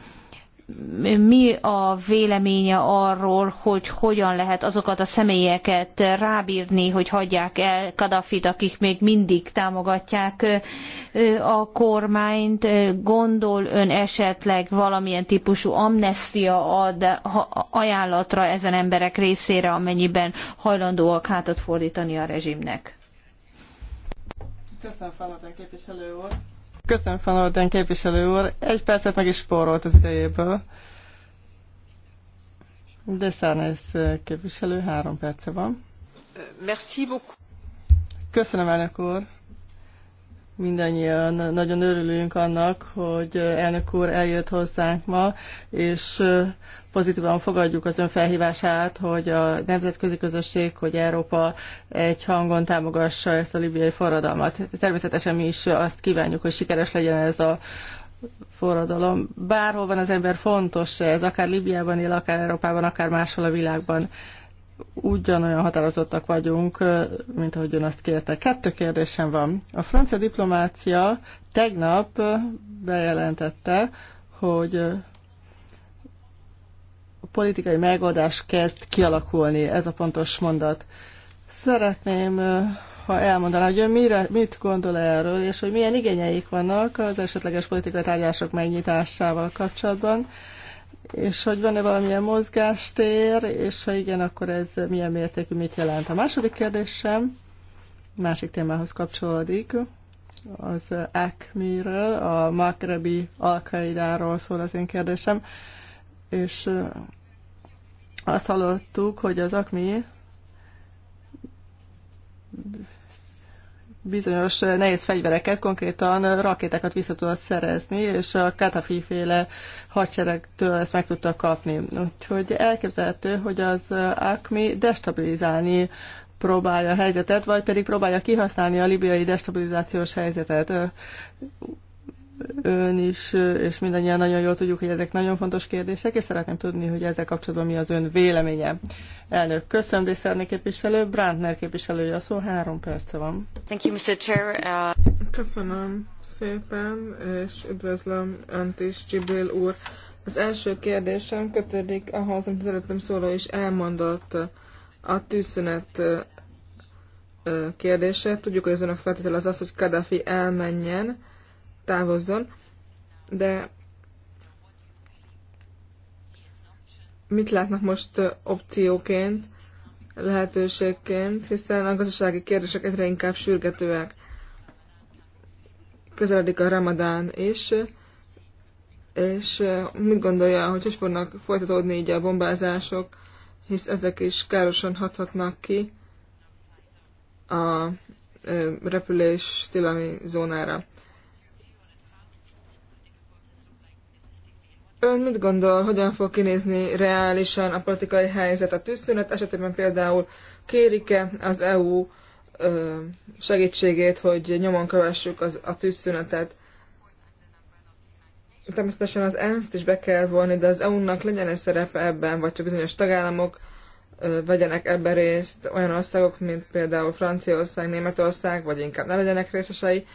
mi a véleménye arról, hogy hogyan lehet azokat a személyeket rábírni, hogy hagyják el Kadafit, akik még mindig támogatják a kormányt? Gondol ön esetleg valamilyen típusú amnestia ad, ajánlatra ezen emberek részére, amennyiben hajlandóak hátat fordítani a rezsimnek? Köszönöm, Falabán képviselő úr. Köszönöm, Van képviselő úr. Egy percet meg is spórolt az idejéből. De Szárnész eh, képviselő, három perce van. Merci beaucoup. Köszönöm, elnök úr. Mindannyian nagyon örülünk annak, hogy elnök úr eljött hozzánk ma, és pozitívan fogadjuk az ön felhívását, hogy a nemzetközi közösség, hogy Európa egy hangon támogassa ezt a libiai forradalmat. Természetesen mi is azt kívánjuk, hogy sikeres legyen ez a forradalom. Bárhol van az ember fontos ez, akár Libiában él, akár Európában, akár máshol a világban ugyanolyan határozottak vagyunk, mint ahogy ön azt kérte. Kettő kérdésem van. A francia diplomácia tegnap bejelentette, hogy a politikai megoldás kezd kialakulni, ez a pontos mondat. Szeretném, ha elmondaná, hogy ön mire, mit gondol erről, és hogy milyen igényeik vannak az esetleges politikai tárgyások megnyitásával kapcsolatban, és hogy van-e valamilyen mozgástér, és ha igen, akkor ez milyen mértékű, mit jelent. A második kérdésem másik témához kapcsolódik, az ACMI-ről, a Makrebi Alkaidáról szól az én kérdésem, és azt hallottuk, hogy az ACMI bizonyos eh, nehéz fegyvereket, konkrétan eh, rakétákat vissza tudott szerezni, és a Katafi féle hadseregtől ezt meg tudta kapni. Úgyhogy elképzelhető, hogy az eh, ACMI destabilizálni próbálja a helyzetet, vagy pedig próbálja kihasználni a libiai destabilizációs helyzetet ön is, és mindannyian nagyon jól tudjuk, hogy ezek nagyon fontos kérdések, és szeretném tudni, hogy ezzel kapcsolatban mi az ön véleménye. Elnök, köszönöm, Dészerné képviselő, Brandner képviselője a szó, három perce van. Thank you, Mr. Chair. Uh... Köszönöm szépen, és üdvözlöm Önt is, Csibril úr. Az első kérdésem kötődik ahhoz, amit az előttem szóló is elmondott a tűzszünet kérdése. Tudjuk, hogy az önök feltétel az az, hogy Kadhafi elmenjen, távozzon, de mit látnak most opcióként, lehetőségként, hiszen a gazdasági kérdések egyre inkább sürgetőek. Közeledik a ramadán is, és mit gondolja, hogy hogy fognak folytatódni így a bombázások, hisz ezek is károsan hathatnak ki a repülés tilami zónára. Ön mit gondol, hogyan fog kinézni reálisan a politikai helyzet a tűzszünet esetében például kérik-e az EU segítségét, hogy nyomon kövessük az, a tűzszünetet? Természetesen az ENSZ-t is be kell vonni, de az EU-nak legyen egy szerepe ebben, vagy csak bizonyos tagállamok vegyenek ebben részt, olyan országok, mint például Franciaország, Németország, vagy inkább ne legyenek részesei.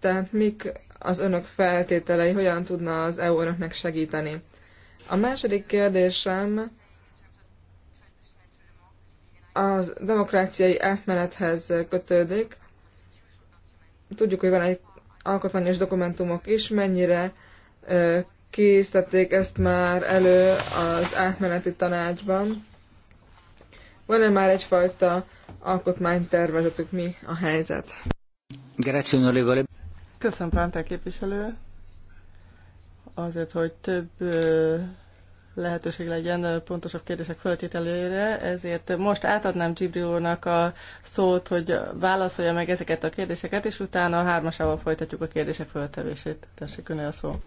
Tehát mik az önök feltételei, hogyan tudna az EU önöknek segíteni. A második kérdésem az demokráciai átmenethez kötődik. Tudjuk, hogy van egy alkotmányos dokumentumok is, mennyire készítették ezt már elő az átmeneti tanácsban. Van-e már egyfajta alkotmánytervezetük, mi a helyzet? Köszönöm, Prantár képviselő, azért, hogy több lehetőség legyen pontosabb kérdések föltételére, ezért most átadnám Gibril úrnak a szót, hogy válaszolja meg ezeket a kérdéseket, és utána a hármasával folytatjuk a kérdések föltevését. Tessék önél a szó.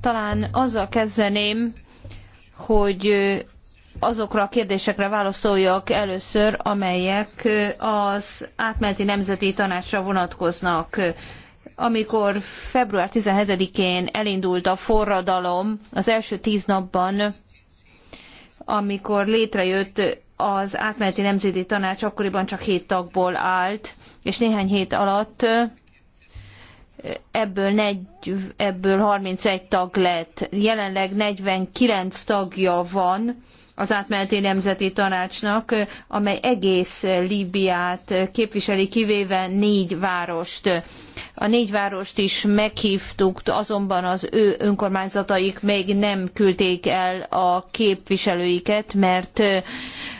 Talán azzal kezdeném, hogy azokra a kérdésekre válaszoljak először, amelyek az átmeneti nemzeti tanácsra vonatkoznak amikor február 17-én elindult a forradalom, az első tíz napban, amikor létrejött az átmeneti nemzeti tanács, akkoriban csak hét tagból állt, és néhány hét alatt ebből, negy, ebből 31 tag lett. Jelenleg 49 tagja van az átmeneti nemzeti tanácsnak, amely egész Líbiát képviseli, kivéve négy várost. A négy várost is meghívtuk, azonban az ő önkormányzataik még nem küldték el a képviselőiket, mert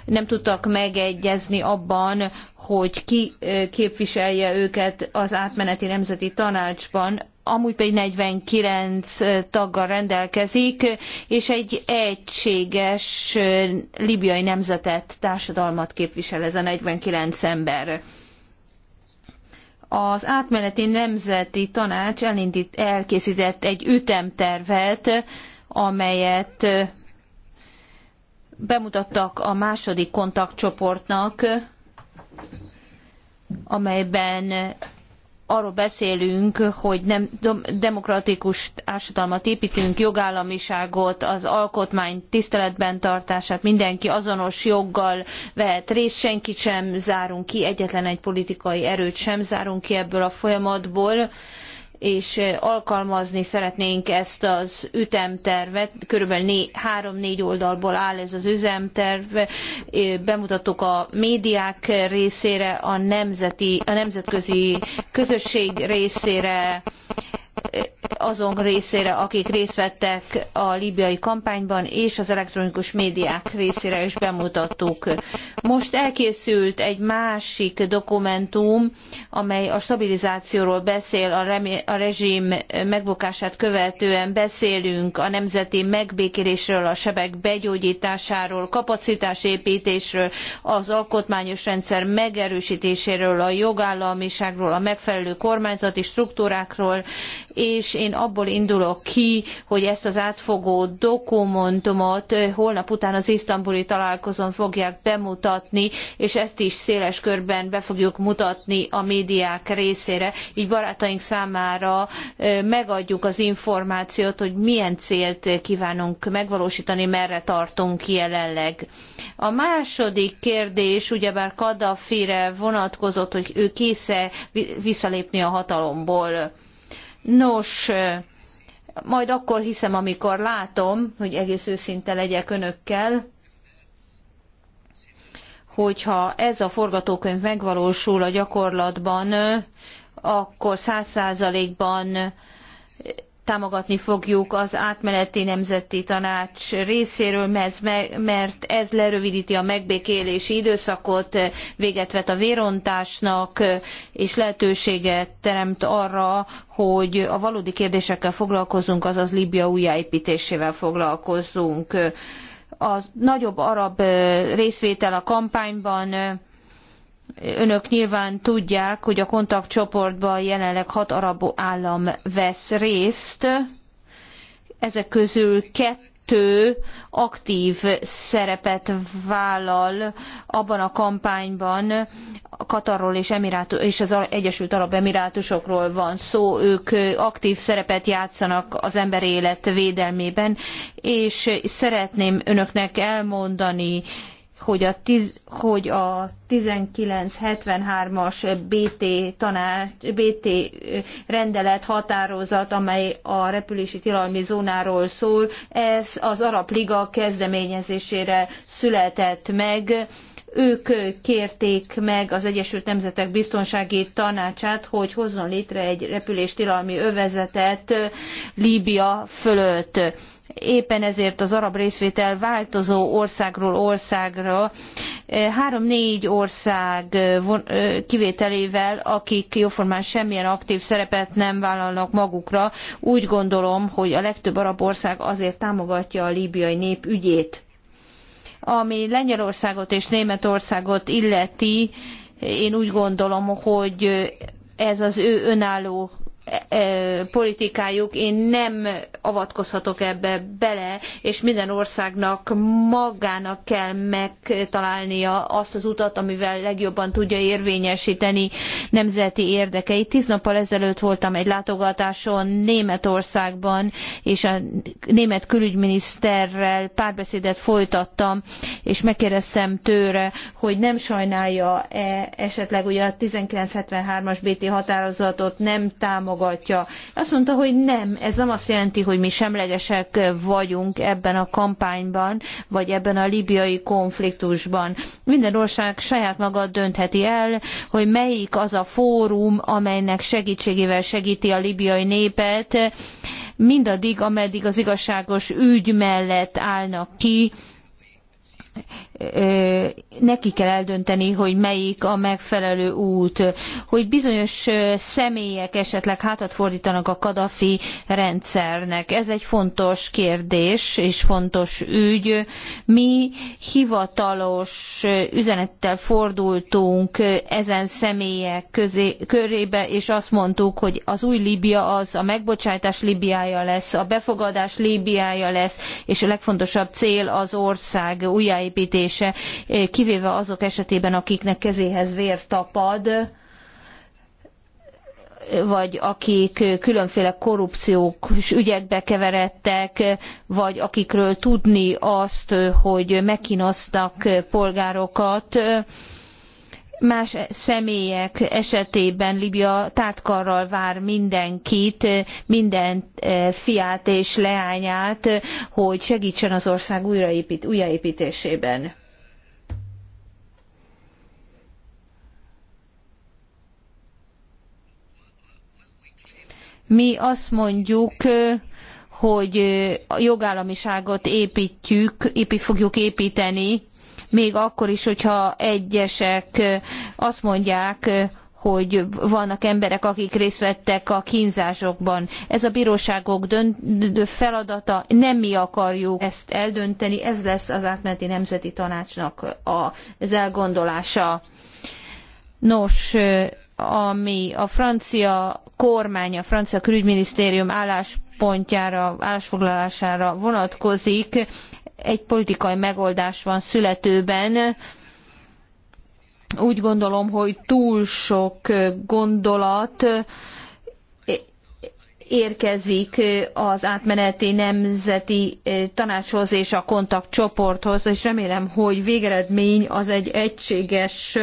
nem tudtak megegyezni abban, hogy ki képviselje őket az átmeneti nemzeti tanácsban, amúgy pedig 49 taggal rendelkezik, és egy egységes libiai nemzetet, társadalmat képvisel ez a 49 ember. Az átmeneti nemzeti tanács elindít, elkészített egy ütemtervet, amelyet bemutattak a második kontaktcsoportnak, amelyben arról beszélünk, hogy nem demokratikus társadalmat építünk, jogállamiságot, az alkotmány tiszteletben tartását, mindenki azonos joggal vehet részt, senkit sem zárunk ki, egyetlen egy politikai erőt sem zárunk ki ebből a folyamatból és alkalmazni szeretnénk ezt az ütemtervet. Körülbelül három-négy oldalból áll ez az üzemterv. Bemutattuk a médiák részére, a, nemzeti, a nemzetközi közösség részére, azon részére, akik részt vettek a líbiai kampányban, és az elektronikus médiák részére is bemutattuk. Most elkészült egy másik dokumentum, amely a stabilizációról beszél, a, remé- a rezsim megbukását követően beszélünk a nemzeti megbékélésről, a sebek begyógyításáról, kapacitásépítésről, az alkotmányos rendszer megerősítéséről, a jogállamiságról, a megfelelő kormányzati struktúrákról, és én abból indulok ki, hogy ezt az átfogó dokumentumot eh, holnap után az isztambuli találkozón fogják bemutatni, és ezt is széles körben be fogjuk mutatni a médiák részére. Így barátaink számára eh, megadjuk az információt, hogy milyen célt kívánunk megvalósítani, merre tartunk jelenleg. A második kérdés, ugyebár Kadafire vonatkozott, hogy ő késze visszalépni a hatalomból. Nos, majd akkor hiszem, amikor látom, hogy egész őszinte legyek önökkel, hogyha ez a forgatókönyv megvalósul a gyakorlatban, akkor száz százalékban támogatni fogjuk az átmeneti nemzeti tanács részéről, mert ez lerövidíti a megbékélési időszakot, véget vet a vérontásnak, és lehetőséget teremt arra, hogy a valódi kérdésekkel foglalkozunk, azaz Líbia újjáépítésével foglalkozzunk, A nagyobb arab részvétel a kampányban önök nyilván tudják, hogy a kontaktcsoportban jelenleg hat arab állam vesz részt, ezek közül kettő aktív szerepet vállal abban a kampányban, Katarról és, Emirátus, és az Egyesült Arab Emirátusokról van szó, ők aktív szerepet játszanak az emberi élet védelmében, és szeretném önöknek elmondani, hogy a, tiz, hogy a 1973-as BT, tanács, BT rendelet határozat, amely a repülési tilalmi zónáról szól, ez az Arab Liga kezdeményezésére született meg ők kérték meg az Egyesült Nemzetek Biztonsági Tanácsát, hogy hozzon létre egy repüléstilalmi övezetet Líbia fölött éppen ezért az arab részvétel változó országról országra, eh, három-négy ország eh, eh, kivételével, akik jóformán semmilyen aktív szerepet nem vállalnak magukra, úgy gondolom, hogy a legtöbb arab ország azért támogatja a líbiai nép ügyét. Ami Lengyelországot és Németországot illeti, én úgy gondolom, hogy ez az ő önálló E, politikájuk, én nem avatkozhatok ebbe bele, és minden országnak magának kell megtalálnia azt az utat, amivel legjobban tudja érvényesíteni nemzeti érdekeit. Tíz nappal ezelőtt voltam egy látogatáson Németországban, és a német külügyminiszterrel párbeszédet folytattam, és megkérdeztem tőle, hogy nem sajnálja -e esetleg ugye a 1973-as BT határozatot nem támogatni, támogatja. Azt mondta, hogy nem, ez nem azt jelenti, hogy mi semlegesek vagyunk ebben a kampányban, vagy ebben a libiai konfliktusban. Minden ország saját maga döntheti el, hogy melyik az a fórum, amelynek segítségével segíti a libiai népet, mindaddig, ameddig az igazságos ügy mellett állnak ki, neki kell eldönteni, hogy melyik a megfelelő út, hogy bizonyos személyek esetleg hátat fordítanak a Kadafi rendszernek. Ez egy fontos kérdés és fontos ügy. Mi hivatalos üzenettel fordultunk ezen személyek közé, körébe, és azt mondtuk, hogy az új Líbia az a megbocsátás Líbiája lesz, a befogadás Líbiája lesz, és a legfontosabb cél az ország újjáépítése újjáépítése, eh, kivéve azok esetében, akiknek kezéhez vér tapad, vagy akik különféle korrupciós ügyekbe keveredtek, vagy akikről tudni azt, hogy megkínoztak polgárokat, más személyek esetében Libya tártkarral vár mindenkit, minden e, fiát és leányát, hogy segítsen az ország újraépít, Mi azt mondjuk, e, hogy e, a jogállamiságot építjük, épi fogjuk építeni, még akkor is, hogyha egyesek azt mondják, hogy vannak emberek, akik részt vettek a kínzásokban. Ez a bíróságok feladata, nem mi akarjuk ezt eldönteni, ez lesz az átmeneti nemzeti tanácsnak az elgondolása. Nos, ami a francia kormány, a francia külügyminisztérium álláspontjára, állásfoglalására vonatkozik, egy politikai megoldás van születőben. Úgy gondolom, hogy túl sok gondolat érkezik az átmeneti nemzeti tanácshoz és a kontaktcsoporthoz, és remélem, hogy végeredmény az egy egységes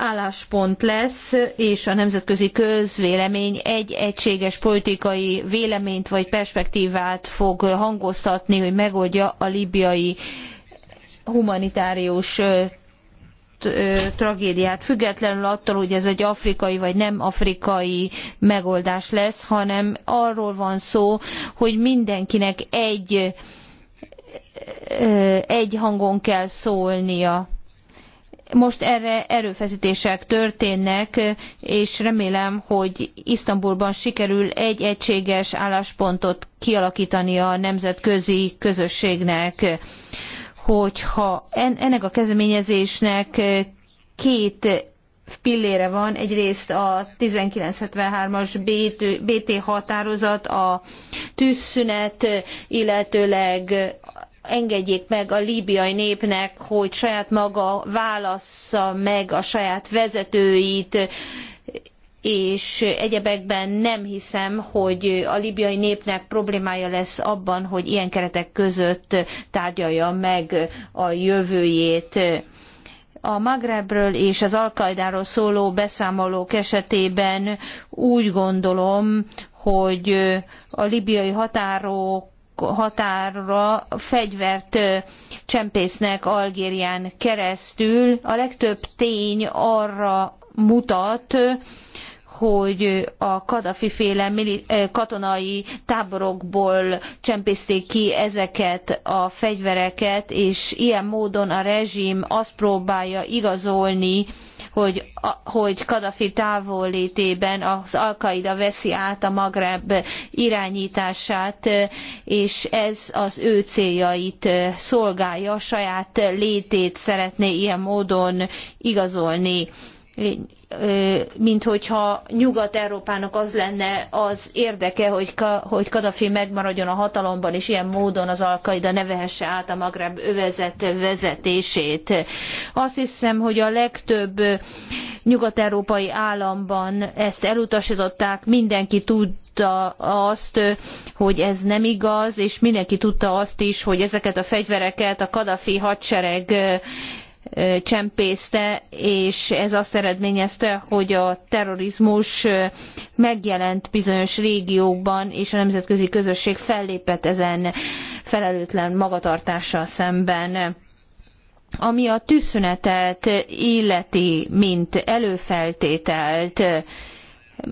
álláspont lesz, és a nemzetközi közvélemény egy egységes politikai véleményt vagy perspektívát fog hangoztatni, hogy megoldja a libiai humanitárius tragédiát, függetlenül attól, hogy ez egy afrikai vagy nem afrikai megoldás lesz, hanem arról van szó, hogy mindenkinek egy, egy hangon kell szólnia most erre erőfeszítések történnek, és remélem, hogy Isztambulban sikerül egy egységes álláspontot kialakítani a nemzetközi közösségnek, hogyha ennek a kezdeményezésnek két pillére van, egyrészt a 1973-as BT határozat, a tűzszünet, illetőleg engedjék meg a líbiai népnek, hogy saját maga válassza meg a saját vezetőit, és egyebekben nem hiszem, hogy a libiai népnek problémája lesz abban, hogy ilyen keretek között tárgyalja meg a jövőjét. A Magrebről és az Alkaidáról szóló beszámolók esetében úgy gondolom, hogy a libiai határok határra fegyvert csempésznek Algérián keresztül. A legtöbb tény arra mutat, hogy a Kadafi féle katonai táborokból csempészték ki ezeket a fegyvereket, és ilyen módon a rezsim azt próbálja igazolni, hogy, a, hogy Kadafi távollétében az Al-Qaida veszi át a Magreb irányítását, és ez az ő céljait szolgálja, saját létét szeretné ilyen módon igazolni mint Nyugat-Európának az lenne az érdeke, hogy, Ka- hogy Kadafi megmaradjon a hatalomban, és ilyen módon az Alkaida ne vehesse át a Magreb övezet vezetését. Azt hiszem, hogy a legtöbb nyugat-európai államban ezt elutasították, mindenki tudta azt, hogy ez nem igaz, és mindenki tudta azt is, hogy ezeket a fegyvereket a Kadafi hadsereg csempészte, és ez azt eredményezte, hogy a terrorizmus megjelent bizonyos régiókban, és a nemzetközi közösség fellépett ezen felelőtlen magatartással szemben. Ami a tűzszünetet illeti, mint előfeltételt,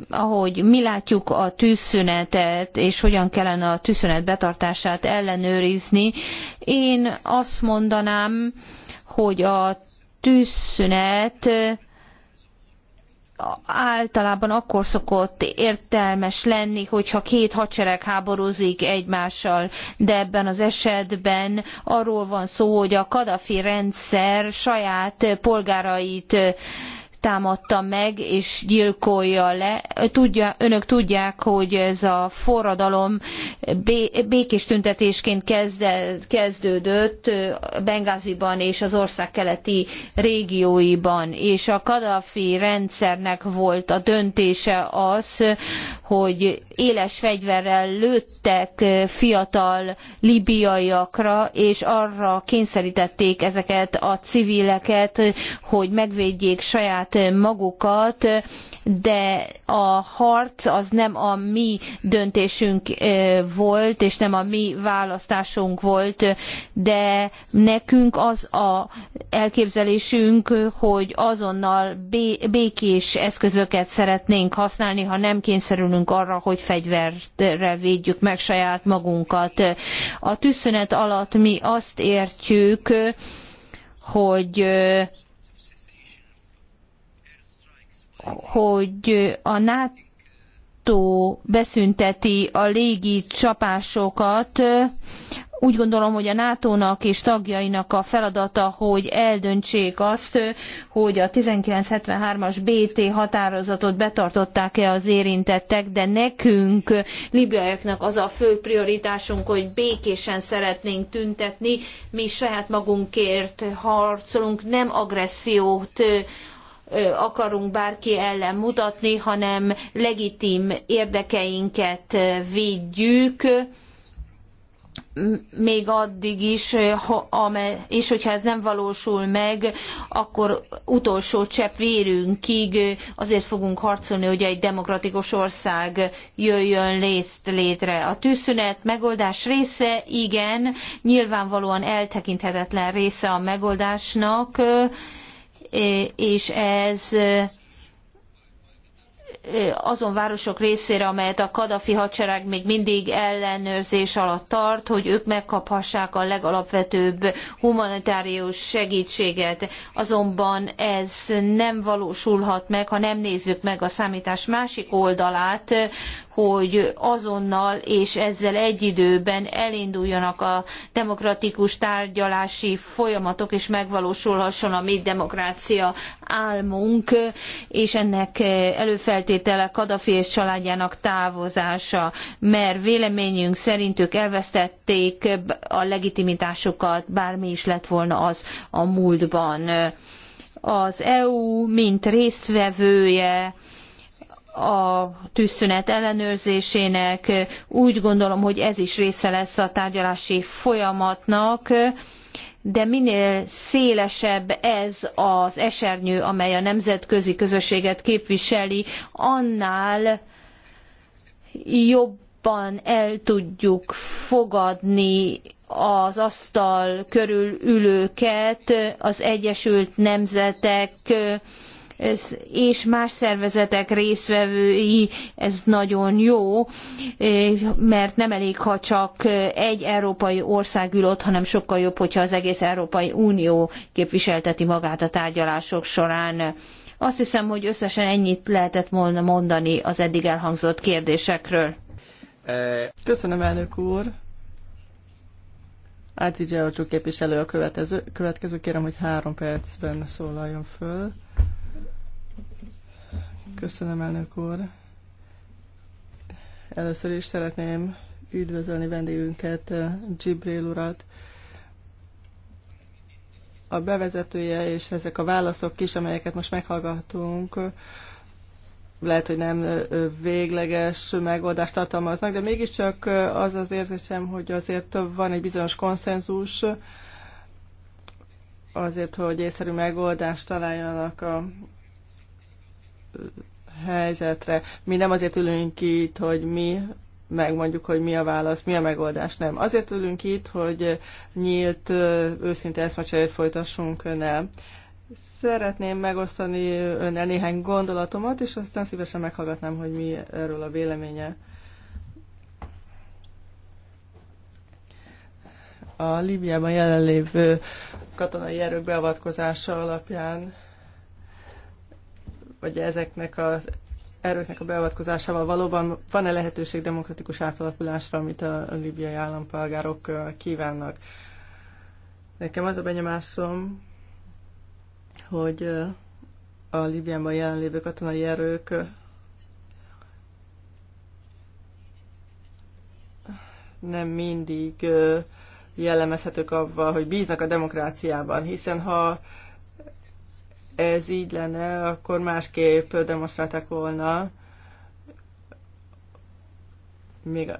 ahogy mi látjuk a tűzszünetet, és hogyan kellene a tűzszünet betartását ellenőrizni, én azt mondanám, hogy a tűzszünet általában akkor szokott értelmes lenni, hogyha két hadsereg háborúzik egymással, de ebben az esetben arról van szó, hogy a Kadafi rendszer saját polgárait támadta meg és gyilkolja le. Tudja, önök tudják, hogy ez a forradalom békés tüntetésként kezdődött Bengáziban és az ország keleti régióiban, és a Kadhafi rendszernek volt a döntése az, hogy éles fegyverrel lőttek fiatal libiaiakra, és arra kényszerítették ezeket a civileket, hogy megvédjék saját saját magukat, de a harc az nem a mi döntésünk volt, és nem a mi választásunk volt, de nekünk az a elképzelésünk, hogy azonnal békés eszközöket szeretnénk használni, ha nem kényszerülünk arra, hogy fegyverre védjük meg saját magunkat. A tűzszünet alatt mi azt értjük, hogy hogy a NATO beszünteti a légi csapásokat, úgy gondolom, hogy a NATO-nak és tagjainak a feladata, hogy eldöntsék azt, hogy a 1973-as BT határozatot betartották-e az érintettek, de nekünk, libiaiaknak az a fő prioritásunk, hogy békésen szeretnénk tüntetni, mi saját magunkért harcolunk, nem agressziót akarunk bárki ellen mutatni, hanem legitim érdekeinket védjük, még addig is, ha, és hogyha ez nem valósul meg, akkor utolsó csepp vérünkig azért fogunk harcolni, hogy egy demokratikus ország jöjjön létre. A tűzszünet megoldás része, igen, nyilvánvalóan eltekinthetetlen része a megoldásnak, és ez azon városok részére, amelyet a Kadafi hadsereg még mindig ellenőrzés alatt tart, hogy ők megkaphassák a legalapvetőbb humanitárius segítséget. Azonban ez nem valósulhat meg, ha nem nézzük meg a számítás másik oldalát, hogy azonnal és ezzel egy időben elinduljanak a demokratikus tárgyalási folyamatok, és megvalósulhasson a mi demokrácia álmunk, és ennek előfeltétele Kadafi és családjának távozása, mert véleményünk szerint ők elvesztették a legitimitásukat, bármi is lett volna az a múltban. Az EU, mint résztvevője, a tűzszünet ellenőrzésének. Úgy gondolom, hogy ez is része lesz a tárgyalási folyamatnak de minél szélesebb ez az esernyő, amely a nemzetközi közösséget képviseli, annál jobban el tudjuk fogadni az asztal körül ülőket, az Egyesült Nemzetek és más szervezetek részvevői, ez nagyon jó, eh, mert nem elég, ha csak eh, egy európai ország ül ott, hanem sokkal jobb, hogyha az egész Európai Unió képviselteti magát a tárgyalások során. Azt hiszem, hogy összesen ennyit lehetett volna mondani az eddig elhangzott kérdésekről. Köszönöm, elnök úr! Áci Gyarcsú képviselő a következő. Következő kérem, hogy három percben szólaljon föl. Köszönöm, elnök úr. Először is szeretném üdvözölni vendégünket, Gibril urat. A bevezetője és ezek a válaszok is, amelyeket most meghallgattunk, lehet, hogy nem végleges megoldást tartalmaznak, de mégiscsak az az érzésem, hogy azért van egy bizonyos konszenzus, azért, hogy észszerű megoldást találjanak a helyzetre. Mi nem azért ülünk itt, hogy mi megmondjuk, hogy mi a válasz, mi a megoldás. Nem. Azért ülünk itt, hogy nyílt, őszinte eszmecserét folytassunk önnel. Szeretném megosztani önnel néhány gondolatomat, és aztán szívesen meghallgatnám, hogy mi erről a véleménye. A Líbiában jelenlévő katonai erők beavatkozása alapján vagy ezeknek az erőknek a beavatkozásával valóban van-e lehetőség demokratikus átalakulásra, amit a libiai állampolgárok kívánnak. Nekem az a benyomásom, hogy a Libiában jelenlévő katonai erők nem mindig jellemezhetők avval, hogy bíznak a demokráciában, hiszen ha ez így lenne, akkor másképp demonstrálták volna még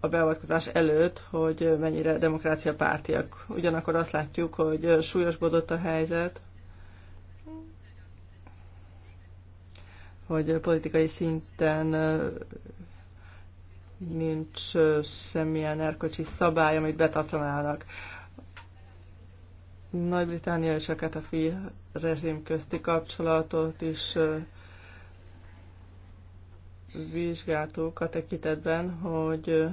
a beavatkozás előtt, hogy mennyire demokrácia pártiak. Ugyanakkor azt látjuk, hogy súlyosbodott a helyzet, hogy politikai szinten nincs semmilyen erkölcsi szabály, amit betartanának. Nagy-Britannia és a Katafi rezsim közti kapcsolatot is vizsgáltuk a tekintetben, hogy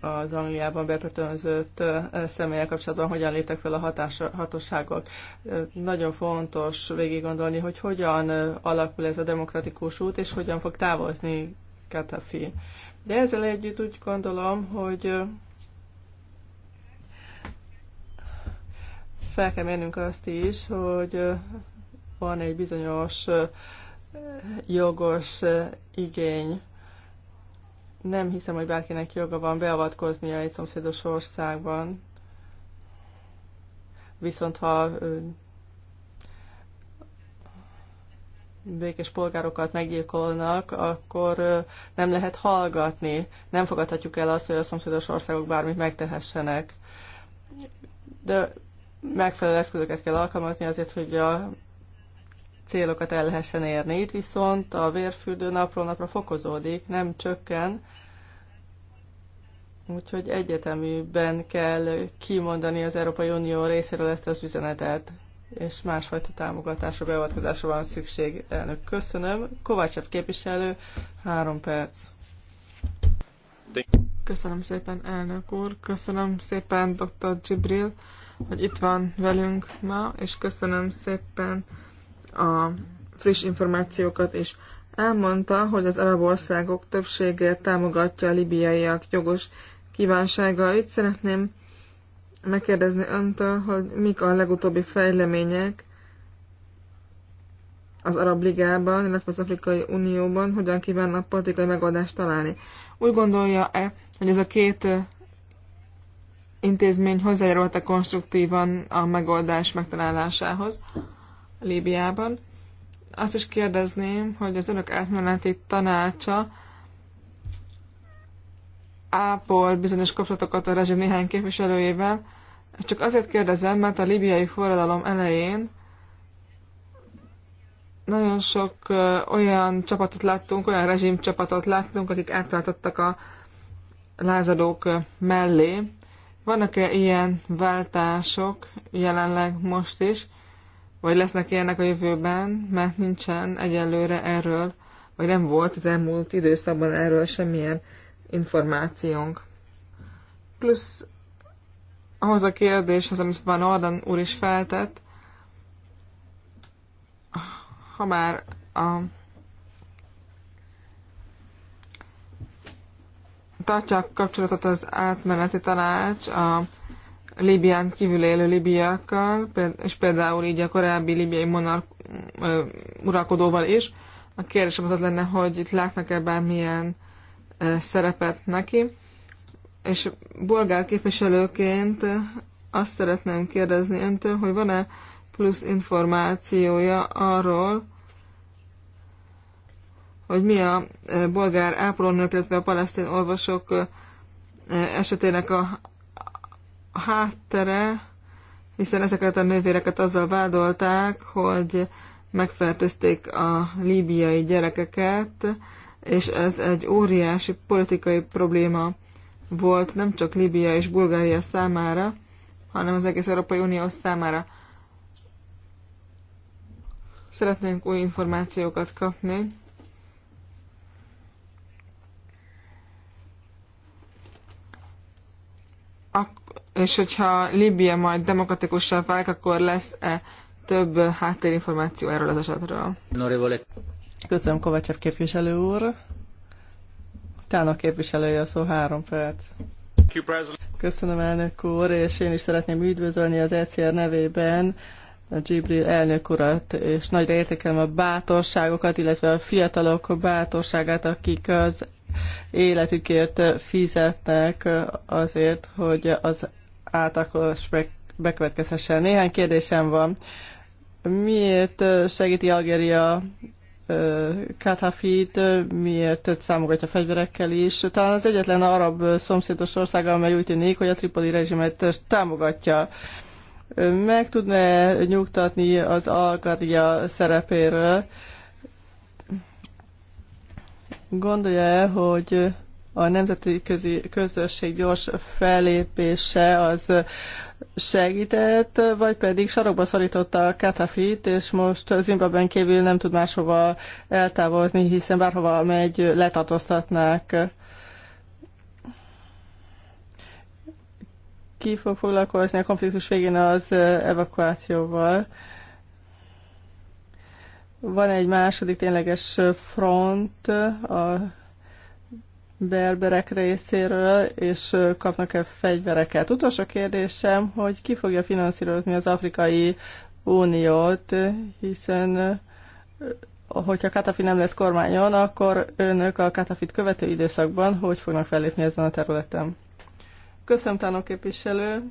az Angliában bebörtönzött személyek kapcsolatban hogyan léptek fel a hatás, hatóságok. Nagyon fontos végig gondolni, hogy hogyan alakul ez a demokratikus út, és hogyan fog távozni Katafi. De ezzel együtt úgy gondolom, hogy fel kell mérnünk azt is, hogy van egy bizonyos jogos igény. Nem hiszem, hogy bárkinek joga van beavatkoznia egy szomszédos országban. Viszont ha békés polgárokat meggyilkolnak, akkor nem lehet hallgatni. Nem fogadhatjuk el azt, hogy a szomszédos országok bármit megtehessenek. De megfelelő eszközöket kell alkalmazni azért, hogy a célokat el lehessen érni. Itt viszont a vérfürdő napról napra fokozódik, nem csökken, úgyhogy egyeteműben kell kimondani az Európai Unió részéről ezt az üzenetet, és másfajta támogatásra, beavatkozásra van szükség. Elnök, köszönöm. Kovácsabb képviselő, három perc. Köszönöm szépen, elnök úr. Köszönöm szépen, dr. Gibril hogy itt van velünk ma, és köszönöm szépen a friss információkat is. Elmondta, hogy az arab országok többsége támogatja a libiaiak jogos kívánságait. Szeretném megkérdezni öntől, hogy mik a legutóbbi fejlemények az Arab Ligában, illetve az Afrikai Unióban, hogyan kívánnak politikai megoldást találni. Úgy gondolja-e, hogy ez a két intézmény hozzájárultak konstruktívan a megoldás megtalálásához Líbiában. Azt is kérdezném, hogy az önök átmeneti tanácsa ápol bizonyos kapcsolatokat a rezsim néhány képviselőjével. Csak azért kérdezem, mert a libiai forradalom elején nagyon sok olyan csapatot láttunk, olyan rezsim csapatot láttunk, akik átváltottak a lázadók mellé, vannak-e ilyen váltások jelenleg most is, vagy lesznek ilyenek a jövőben, mert nincsen egyelőre erről, vagy nem volt az elmúlt időszakban erről semmilyen információnk. Plusz ahhoz a kérdéshez, amit Van Orden úr is feltett, ha már a tartja a kapcsolatot az átmeneti tanács a Libián kívül élő libiákkal, és például így a korábbi libiai monark uralkodóval is. A kérdésem az az lenne, hogy itt látnak-e bármilyen szerepet neki. És bolgár képviselőként azt szeretném kérdezni öntől, hogy van-e plusz információja arról, hogy mi a e, bolgár ápolónők, illetve a palesztin orvosok e, e, esetének a háttere, hiszen ezeket a nővéreket azzal vádolták, hogy megfertőzték a líbiai gyerekeket, és ez egy óriási politikai probléma volt nem csak Líbia és Bulgária számára, hanem az egész Európai Unió számára. Szeretnénk új információkat kapni. és hogyha Líbia majd demokratikussá válik, akkor lesz-e több háttérinformáció erről az esetről? Köszönöm, Kovacsev képviselő úr. Tának képviselője a szó három perc. Köszönöm, elnök úr, és én is szeretném üdvözölni az ECR nevében a Gibril elnök urat, és nagyra értékelem a bátorságokat, illetve a fiatalok bátorságát, akik az életükért fizetnek azért, hogy az átakos bekövetkezhessen. Néhány kérdésem van. Miért segíti Algeria Kadhafit, miért számogatja fegyverekkel is. Talán az egyetlen arab szomszédos ország, amely úgy tűnik, hogy a tripoli rezsimet támogatja. Meg tudna nyugtatni az Algeria szerepéről? Gondolja-e, hogy a nemzeti közi, közösség gyors fellépése az segített, vagy pedig sarokba szorította a Katafit, és most Zimbabwen kívül nem tud máshova eltávozni, hiszen bárhova megy, letartóztatnák. Ki fog foglalkozni a konfliktus végén az evakuációval? Van egy második tényleges front a berberek részéről, és kapnak-e fegyvereket. Utolsó kérdésem, hogy ki fogja finanszírozni az Afrikai Uniót, hiszen hogyha Katafi nem lesz kormányon, akkor önök a Katafit követő időszakban hogy fognak fellépni ezen a területen? Köszönöm, Tánok képviselő.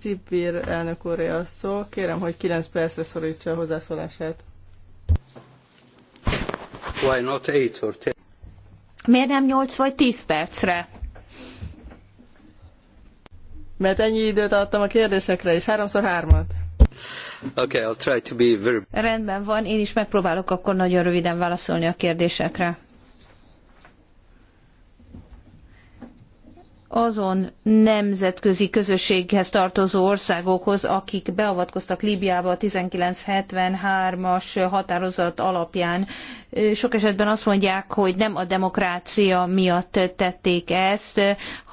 Gibbir elnök úr a szó. Kérem, hogy 9 percre szorítsa a hozzászólását. Why not 8 or 10? Miért nem 8 vagy 10 percre? Mert ennyi időt adtam a kérdésekre, és háromszor hármat. Okay, I'll try to be very... Rendben van, én is megpróbálok akkor nagyon röviden válaszolni a kérdésekre. azon nemzetközi közösséghez tartozó országokhoz, akik beavatkoztak Líbiába a 1973-as határozat alapján. Sok esetben azt mondják, hogy nem a demokrácia miatt tették ezt,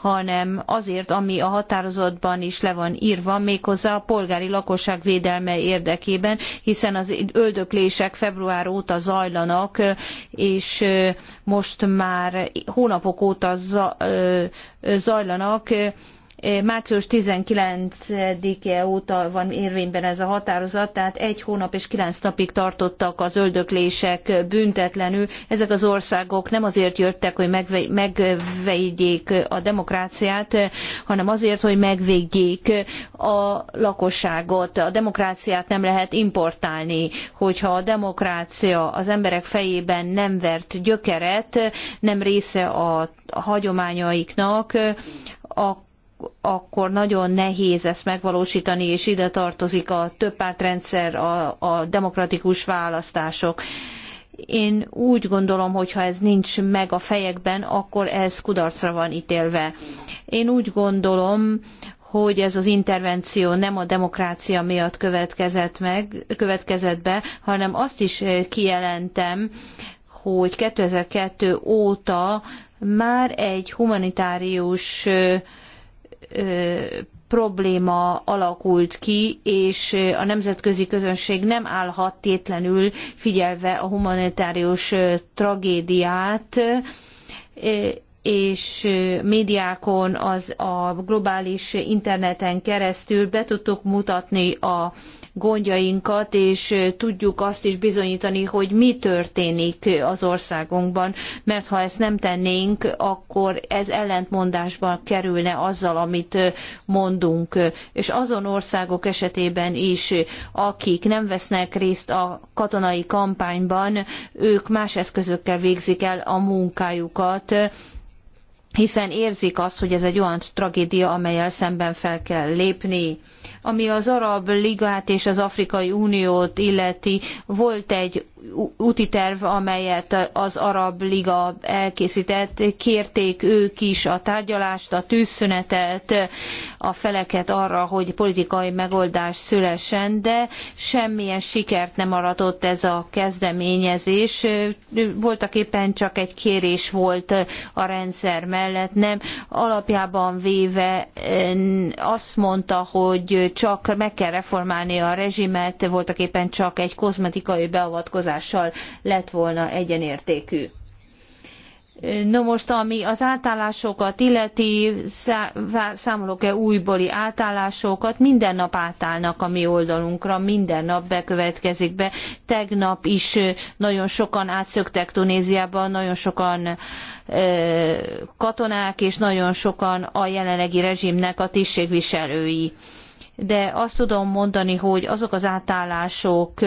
hanem azért, ami a határozatban is le van írva, méghozzá a polgári lakosság védelme érdekében, hiszen az öldöklések február óta zajlanak, és most már hónapok óta zajlanak, Március 19-e óta van érvényben ez a határozat, tehát egy hónap és kilenc napig tartottak az öldöklések büntetlenül. Ezek az országok nem azért jöttek, hogy megvédjék a demokráciát, hanem azért, hogy megvédjék a lakosságot. A demokráciát nem lehet importálni, hogyha a demokrácia az emberek fejében nem vert gyökeret, nem része a hagyományaiknak, akkor akkor nagyon nehéz ezt megvalósítani, és ide tartozik a többpártrendszer, a, a demokratikus választások. Én úgy gondolom, hogy ha ez nincs meg a fejekben, akkor ez kudarcra van ítélve. Én úgy gondolom, hogy ez az intervenció nem a demokrácia miatt következett, meg, következett be, hanem azt is eh, kijelentem, hogy 2002 óta már egy humanitárius eh, probléma alakult ki, és a nemzetközi közönség nem állhat tétlenül figyelve a humanitárius tragédiát, és médiákon, az a globális interneten keresztül be tudtuk mutatni a gondjainkat, és tudjuk azt is bizonyítani, hogy mi történik az országunkban, mert ha ezt nem tennénk, akkor ez ellentmondásban kerülne azzal, amit mondunk. És azon országok esetében is, akik nem vesznek részt a katonai kampányban, ők más eszközökkel végzik el a munkájukat, hiszen érzik azt, hogy ez egy olyan tragédia, amelyel szemben fel kell lépni. Ami az Arab Ligát és az Afrikai Uniót illeti, volt egy úti terv, amelyet az Arab Liga elkészített, kérték ők is a tárgyalást, a tűzszünetet, a feleket arra, hogy politikai megoldás szülessen, de semmilyen sikert nem aratott ez a kezdeményezés. Voltak éppen csak egy kérés volt a rendszer mellett, nem alapjában véve azt mondta, hogy csak meg kell reformálni a rezsimet, voltak éppen csak egy kozmetikai beavatkozás változással lett volna egyenértékű. No most, ami az átállásokat illeti, számolok-e újbóli átállásokat, minden nap átállnak a mi oldalunkra, minden nap bekövetkezik be. Tegnap is nagyon sokan átszöktek Tunéziába, nagyon sokan katonák, és nagyon sokan a jelenlegi rezsimnek a tisztségviselői. De azt tudom mondani, hogy azok az átállások,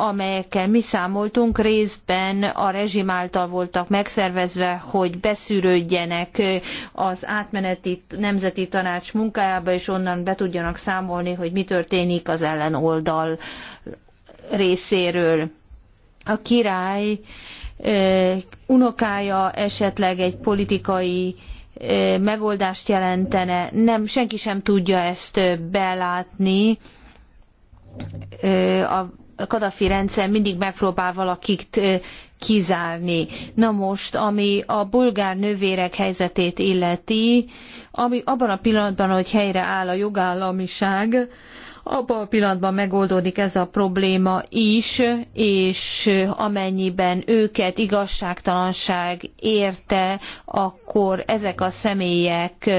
amelyekkel mi számoltunk, részben a rezsim által voltak megszervezve, hogy beszűrődjenek az átmeneti nemzeti tanács munkájába, és onnan be tudjanak számolni, hogy mi történik az ellenoldal részéről. A király unokája esetleg egy politikai megoldást jelentene, nem, senki sem tudja ezt belátni, a Kadafi rendszer mindig megpróbál valakit kizárni. Na most, ami a bulgár nővérek helyzetét illeti, ami abban a pillanatban, hogy helyreáll a jogállamiság, abban a pillanatban megoldódik ez a probléma is, és amennyiben őket igazságtalanság érte, akkor ezek a személyek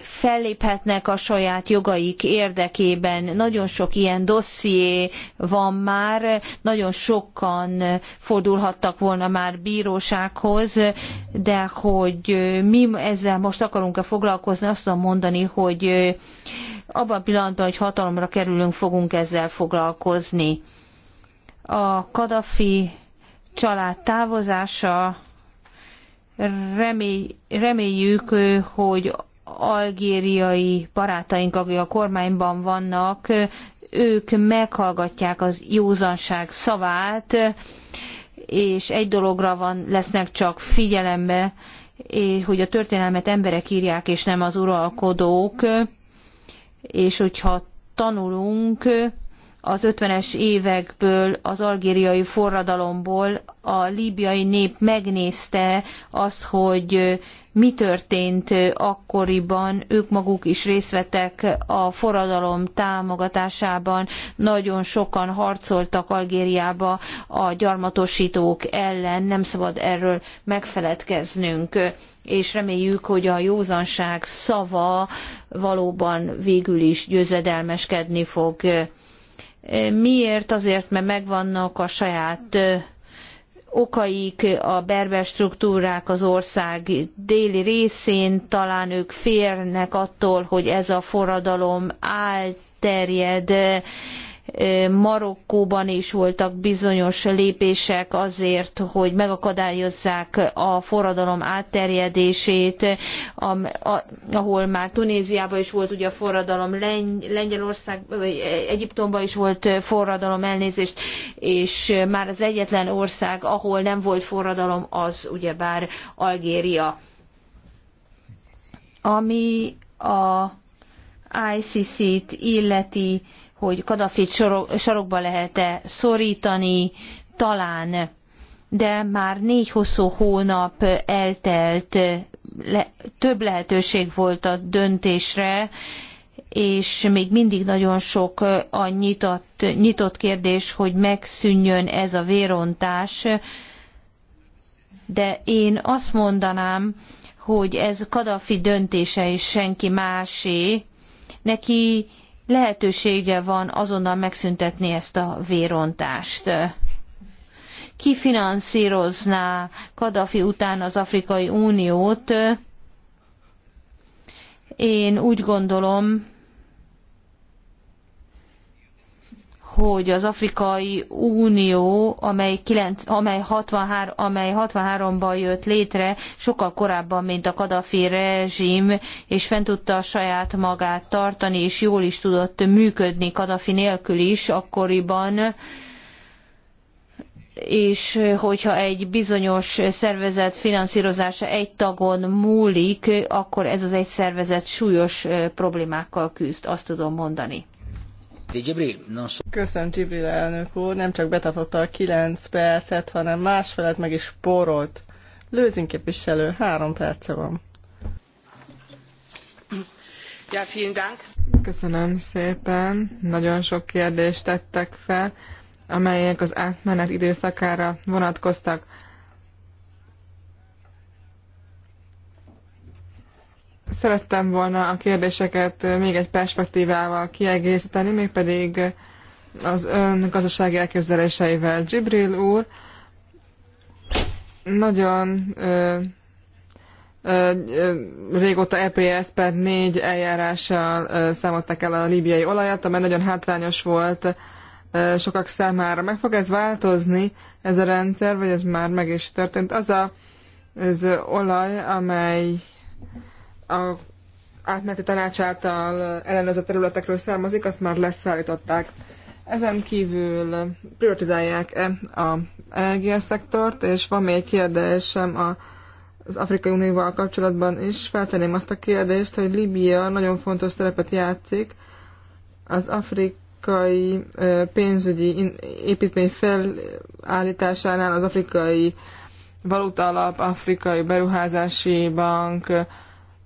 felléphetnek a saját jogaik érdekében. Nagyon sok ilyen dosszié van már, nagyon sokan fordulhattak volna már bírósághoz, de hogy mi ezzel most akarunk-e foglalkozni, azt tudom mondani, hogy abban a pillanatban, hogy hatalomra kerülünk, fogunk ezzel foglalkozni. A Kadafi család távozása remély, reméljük, hogy algériai barátaink, akik a kormányban vannak, ők meghallgatják az józanság szavát, és egy dologra van, lesznek csak figyelembe, hogy a történelmet emberek írják, és nem az uralkodók, és hogyha tanulunk az 50-es évekből, az algériai forradalomból, a líbiai nép megnézte azt, hogy mi történt akkoriban, ők maguk is részt vettek a forradalom támogatásában, nagyon sokan harcoltak Algériába a gyarmatosítók ellen, nem szabad erről megfeledkeznünk és reméljük, hogy a józanság szava valóban végül is győzedelmeskedni fog. Miért? Azért, mert megvannak a saját okaik a berber struktúrák az ország déli részén, talán ők félnek attól, hogy ez a forradalom álterjed Marokkóban is voltak bizonyos lépések azért, hogy megakadályozzák a forradalom átterjedését, ahol már Tunéziában is volt ugye a forradalom, Lengyelország, vagy e, Egyiptomban is volt forradalom elnézést, és már az egyetlen ország, ahol nem volt forradalom, az ugyebár Algéria. Ami a ICC-t illeti, hogy Kadafit sarokba lehet-e szorítani, talán, de már négy hosszú hónap eltelt, le, több lehetőség volt a döntésre, és még mindig nagyon sok a nyitott, nyitott kérdés, hogy megszűnjön ez a vérontás, de én azt mondanám, hogy ez Kadafi döntése és senki másé. Neki lehetősége van azonnal megszüntetni ezt a vérontást. Ki finanszírozná Kadafi után az Afrikai Uniót? Én úgy gondolom, hogy az Afrikai Unió, amely, 9, amely, 63, amely 63-ban jött létre, sokkal korábban, mint a Kadafi rezsim, és fent tudta a saját magát tartani, és jól is tudott működni Kadafi nélkül is akkoriban, és hogyha egy bizonyos szervezet finanszírozása egy tagon múlik, akkor ez az egy szervezet súlyos problémákkal küzd, azt tudom mondani. Köszönöm, Gibril elnök úr. Nem csak betartotta a 9 percet, hanem másfelet meg is spórolt. Lőzin képviselő, három perce van. Ja, vielen Dank. Köszönöm szépen. Nagyon sok kérdést tettek fel, amelyek az átmenet időszakára vonatkoztak. Szerettem volna a kérdéseket még egy perspektívával kiegészíteni, mégpedig az ön gazdasági elképzeléseivel. Gibril úr nagyon ö, ö, ö, régóta EPS per négy eljárással ö, számolták el a líbiai olajat, amely nagyon hátrányos volt ö, sokak számára. Meg fog ez változni, ez a rendszer, vagy ez már meg is történt? Az a, az olaj, amely a átmeneti tanács által ellenőrzött területekről származik, azt már leszállították. Ezen kívül prioritizálják-e a energiaszektort, és van még egy kérdésem a, az Afrikai Unióval kapcsolatban is. Feltenném azt a kérdést, hogy Libia nagyon fontos szerepet játszik az afrikai pénzügyi építmény felállításánál, az afrikai valuta alap, afrikai beruházási bank,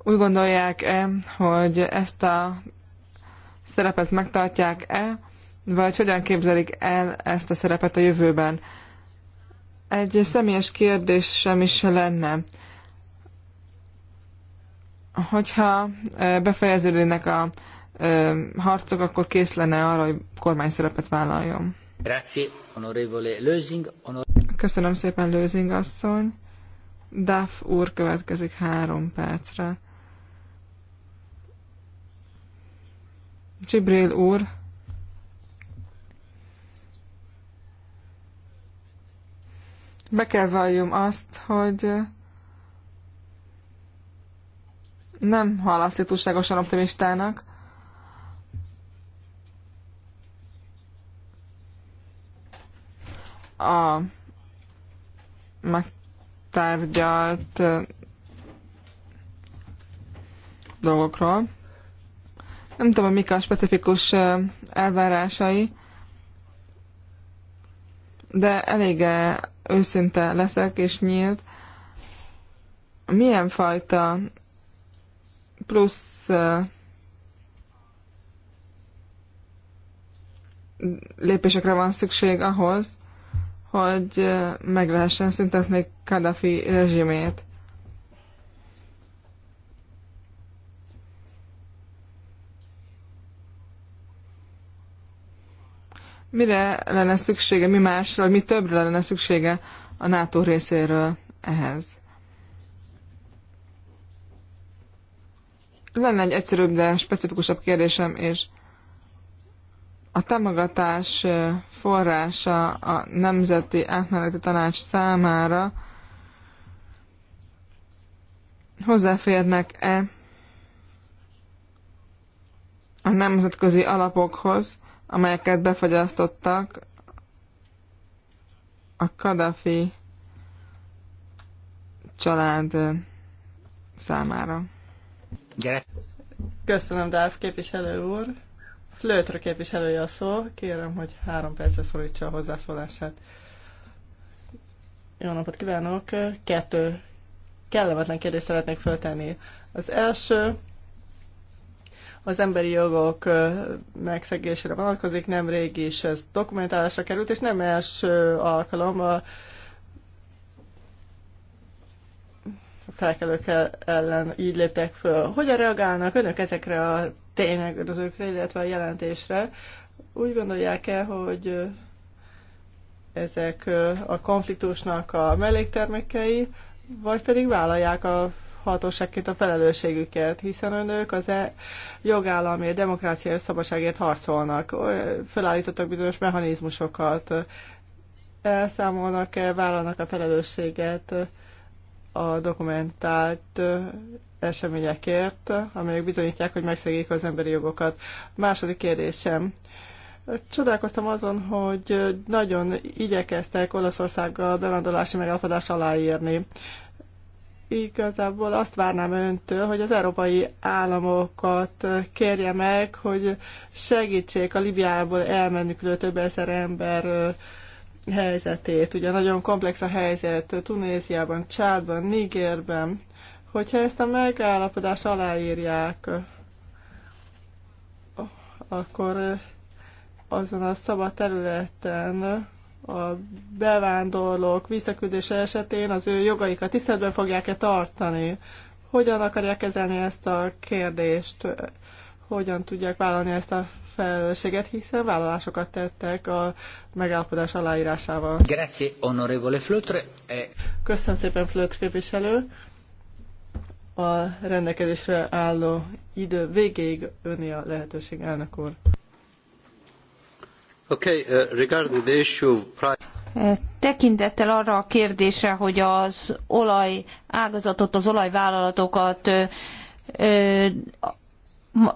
úgy gondolják-e, hogy ezt a szerepet megtartják-e, vagy hogyan képzelik el ezt a szerepet a jövőben? Egy személyes kérdés sem is lenne. Hogyha befejeződnek a harcok, akkor kész lenne arra, hogy kormány szerepet vállaljon. Köszönöm szépen, Lőzing asszony. Duff úr következik három percre. Gibril úr be kell valljum azt, hogy nem hallatszik túlságosan optimistának. A megtárgyalt dolgokról. Nem tudom, mik a specifikus elvárásai, de elég őszinte leszek és nyílt. Milyen fajta plusz lépésekre van szükség ahhoz, hogy meg lehessen szüntetni Kadafi rezsimét. Mire lenne szüksége, mi másra, mi többre lenne szüksége a NATO részéről ehhez? Lenne egy egyszerűbb, de specifikusabb kérdésem, és a támogatás forrása a Nemzeti Átmeneti Tanács számára hozzáférnek-e a nemzetközi alapokhoz, amelyeket befagyasztottak a Kadafi család számára. Gyere. Köszönöm, Dáv képviselő úr. Flőtről képviselője a szó. Kérem, hogy három percre szorítsa a hozzászólását. Jó napot kívánok! Kettő kellemetlen kérdést szeretnék föltenni. Az első, az emberi jogok megszegésére vonatkozik, nemrég is ez dokumentálásra került, és nem első alkalom a felkelők ellen így léptek föl. Hogyan reagálnak önök ezekre a tényekre, illetve a jelentésre? Úgy gondolják el, hogy ezek a konfliktusnak a melléktermékei, vagy pedig vállalják a hatóságként a felelősségüket, hiszen önök az e jogállamért, demokráciáért, szabadságért harcolnak. Felállítottak bizonyos mechanizmusokat, elszámolnak-e, vállalnak a felelősséget a dokumentált eseményekért, amelyek bizonyítják, hogy megszegik az emberi jogokat. Második kérdésem. Csodálkoztam azon, hogy nagyon igyekeztek Olaszországgal bevándorlási megállapodást aláírni igazából azt várnám öntől, hogy az európai államokat kérje meg, hogy segítsék a Libiából elmenükülő több ezer ember helyzetét. Ugye nagyon komplex a helyzet Tunéziában, Csádban, Nigerben. Hogyha ezt a megállapodást aláírják, akkor azon a szabad területen a bevándorlók visszaküldése esetén az ő jogaikat tiszteletben fogják-e tartani? Hogyan akarják kezelni ezt a kérdést? Hogyan tudják vállalni ezt a felelősséget, hiszen vállalásokat tettek a megállapodás aláírásával. Grazie, onorevole Flötre. E- Köszönöm szépen, Flötre képviselő. A rendelkezésre álló idő végéig öni a lehetőség, elnök úr. Uh, e, tekintettel arra a kérdésre, hogy az olaj ágazatot, az olajvállalatokat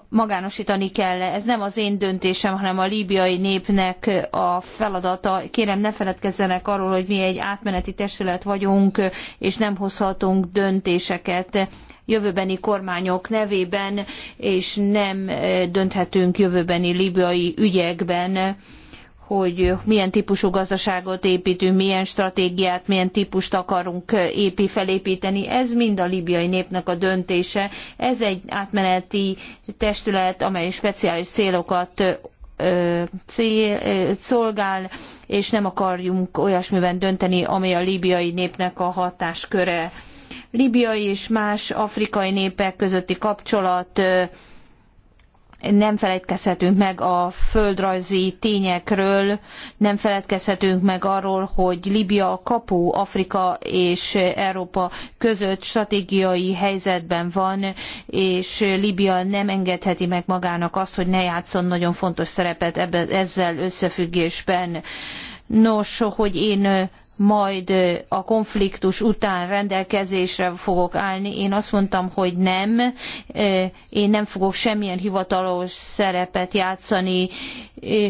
magánosítani kell -e. Ez nem az én döntésem, hanem a líbiai népnek a feladata. Kérem, ne feledkezzenek arról, hogy mi egy átmeneti testület vagyunk, és nem hozhatunk döntéseket jövőbeni kormányok nevében, és nem dönthetünk jövőbeni líbiai ügyekben hogy milyen típusú gazdaságot építünk, milyen stratégiát, milyen típust akarunk eh, épi felépíteni. Ez mind a libiai népnek a döntése. Ez egy átmeneti testület, amely speciális célokat eh, cél, eh, szolgál, és nem akarjunk olyasmiben dönteni, ami a líbiai népnek a hatásköre. Líbiai és más afrikai népek közötti kapcsolat nem feledkezhetünk meg a földrajzi tényekről, nem feledkezhetünk meg arról, hogy Libia a kapu Afrika és Európa között stratégiai helyzetben van, és Libia nem engedheti meg magának azt, hogy ne játszon nagyon fontos szerepet ebbe, ezzel összefüggésben. Nos, hogy én majd a konfliktus után rendelkezésre fogok állni. Én azt mondtam, hogy nem, én nem fogok semmilyen hivatalos szerepet játszani,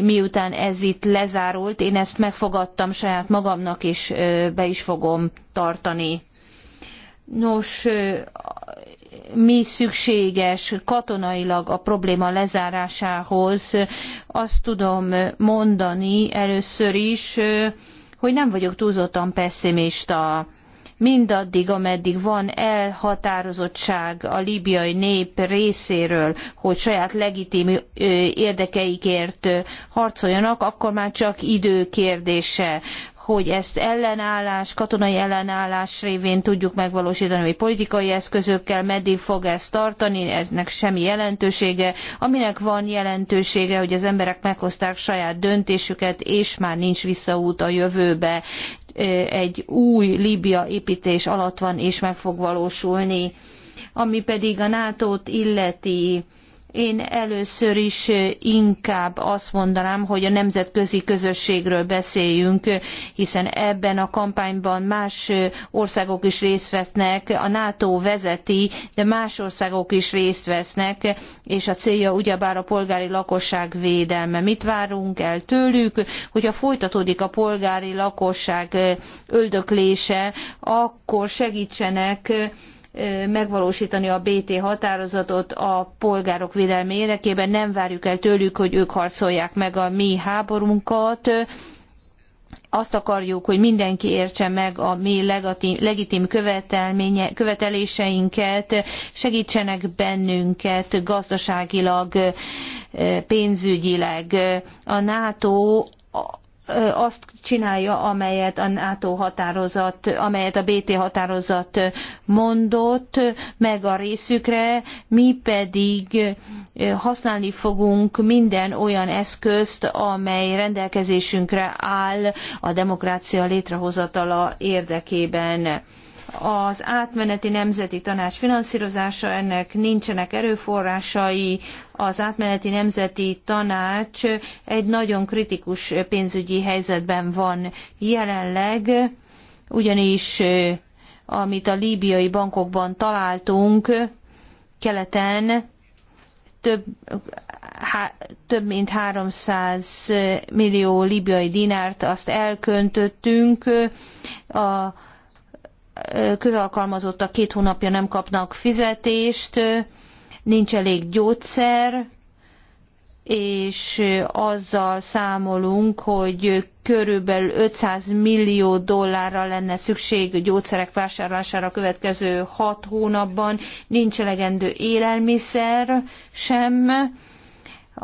miután ez itt lezárult. Én ezt megfogadtam saját magamnak, és be is fogom tartani. Nos, mi szükséges katonailag a probléma lezárásához, azt tudom mondani először is, hogy nem vagyok túlzottan pessimista. Mindaddig, ameddig van elhatározottság a líbiai nép részéről, hogy saját legitim érdekeikért harcoljanak, akkor már csak idő kérdése, hogy ezt ellenállás, katonai ellenállás révén tudjuk megvalósítani, vagy politikai eszközökkel, meddig fog ez tartani, ennek semmi jelentősége. Aminek van jelentősége, hogy az emberek meghozták saját döntésüket, és már nincs visszaút a jövőbe. Egy új Líbia építés alatt van, és meg fog valósulni. Ami pedig a NATO-t illeti, én először is inkább azt mondanám, hogy a nemzetközi közösségről beszéljünk, hiszen ebben a kampányban más országok is részt vesznek, a NATO vezeti, de más országok is részt vesznek, és a célja ugyebár a polgári lakosság védelme. Mit várunk el tőlük, hogyha folytatódik a polgári lakosság öldöklése, akkor segítsenek megvalósítani a BT határozatot a polgárok védelme érdekében. Nem várjuk el tőlük, hogy ők harcolják meg a mi háborunkat. Azt akarjuk, hogy mindenki értse meg a mi legitim követeléseinket, segítsenek bennünket gazdaságilag, pénzügyileg. A NATO azt csinálja, amelyet a NATO határozat, amelyet a BT határozat mondott meg a részükre, mi pedig használni fogunk minden olyan eszközt, amely rendelkezésünkre áll a demokrácia létrehozatala érdekében az átmeneti nemzeti tanács finanszírozása, ennek nincsenek erőforrásai, az átmeneti nemzeti tanács egy nagyon kritikus pénzügyi helyzetben van jelenleg, ugyanis amit a líbiai bankokban találtunk keleten, több, há, több mint 300 millió libiai dinárt azt elköntöttünk. A közalkalmazottak két hónapja nem kapnak fizetést, nincs elég gyógyszer, és azzal számolunk, hogy körülbelül 500 millió dollárra lenne szükség gyógyszerek vásárlására a következő hat hónapban, nincs elegendő élelmiszer sem,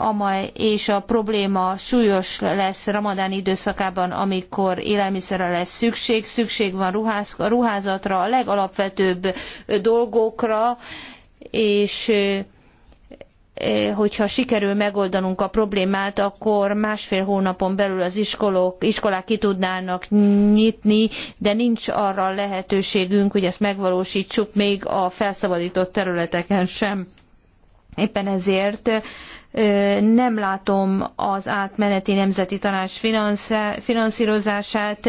amely és a probléma súlyos lesz ramadán időszakában, amikor élelmiszerre lesz szükség, szükség van ruház, ruházatra, a legalapvetőbb dolgokra, és hogyha sikerül megoldanunk a problémát, akkor másfél hónapon belül az iskolók, iskolák ki tudnának nyitni, de nincs arra lehetőségünk, hogy ezt megvalósítsuk még a felszabadított területeken sem. Éppen ezért nem látom az átmeneti nemzeti tanács finanszírozását,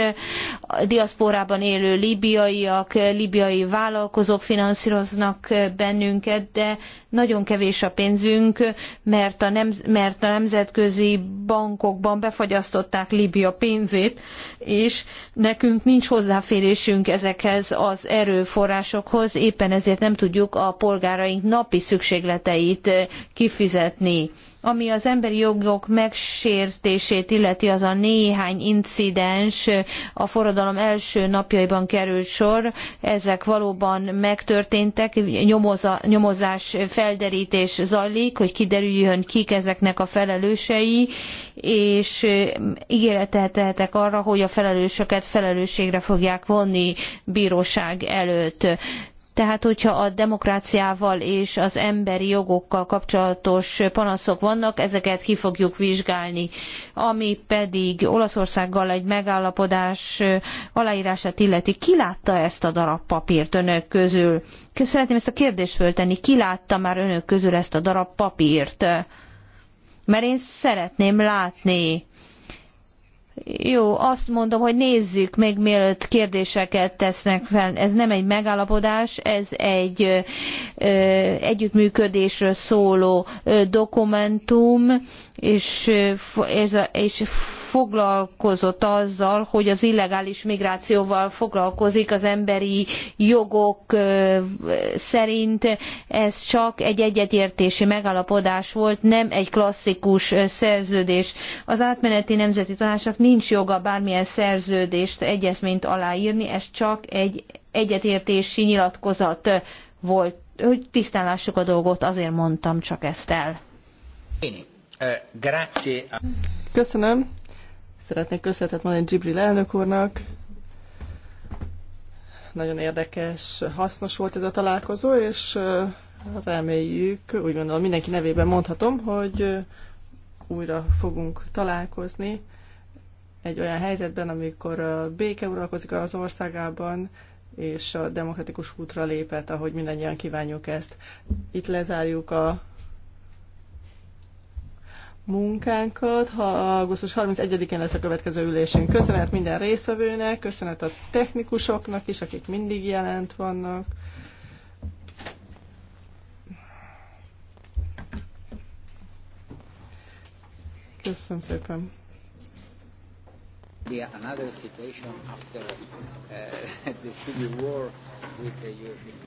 diaszporában élő libiaiak, libiai vállalkozók finanszíroznak bennünket, de nagyon kevés a pénzünk, mert a, nem, mert a nemzetközi bankokban befagyasztották Líbia pénzét, és nekünk nincs hozzáférésünk ezekhez az erőforrásokhoz, éppen ezért nem tudjuk a polgáraink napi szükségleteit kifizetni ami az emberi jogok megsértését illeti, az a néhány incidens a forradalom első napjaiban került sor. Ezek valóban megtörténtek, nyomoza, nyomozás, felderítés zajlik, hogy kiderüljön kik ezeknek a felelősei, és ígéretet tehetek arra, hogy a felelősöket felelősségre fogják vonni bíróság előtt. Tehát, hogyha a demokráciával és az emberi jogokkal kapcsolatos panaszok vannak, ezeket ki fogjuk vizsgálni. Ami pedig Olaszországgal egy megállapodás aláírását illeti, ki látta ezt a darab papírt önök közül? Szeretném ezt a kérdést föltenni, ki látta már önök közül ezt a darab papírt? Mert én szeretném látni jó, azt mondom, hogy nézzük még mielőtt kérdéseket tesznek fel. Ez nem egy megállapodás, ez egy ö, együttműködésről szóló ö, dokumentum, és, ö, és, és foglalkozott azzal, hogy az illegális migrációval foglalkozik az emberi jogok szerint. Ez csak egy egyetértési megállapodás volt, nem egy klasszikus szerződés. Az átmeneti nemzeti tanácsnak nincs joga bármilyen szerződést, egyezményt aláírni, ez csak egy egyetértési nyilatkozat volt. Hogy tisztán lássuk a dolgot, azért mondtam csak ezt el. Köszönöm. Szeretnék köszönetet mondani Gibril elnök úrnak. Nagyon érdekes, hasznos volt ez a találkozó, és reméljük, úgy gondolom mindenki nevében mondhatom, hogy újra fogunk találkozni egy olyan helyzetben, amikor a béke uralkozik az országában, és a demokratikus útra lépett, ahogy mindannyian kívánjuk ezt. Itt lezárjuk a munkánkat, ha augusztus 31-én lesz a következő ülésünk. Köszönet minden részvevőnek, köszönet a technikusoknak is, akik mindig jelent vannak. Köszönöm szépen. Another situation after uh, [laughs] the civil war with the European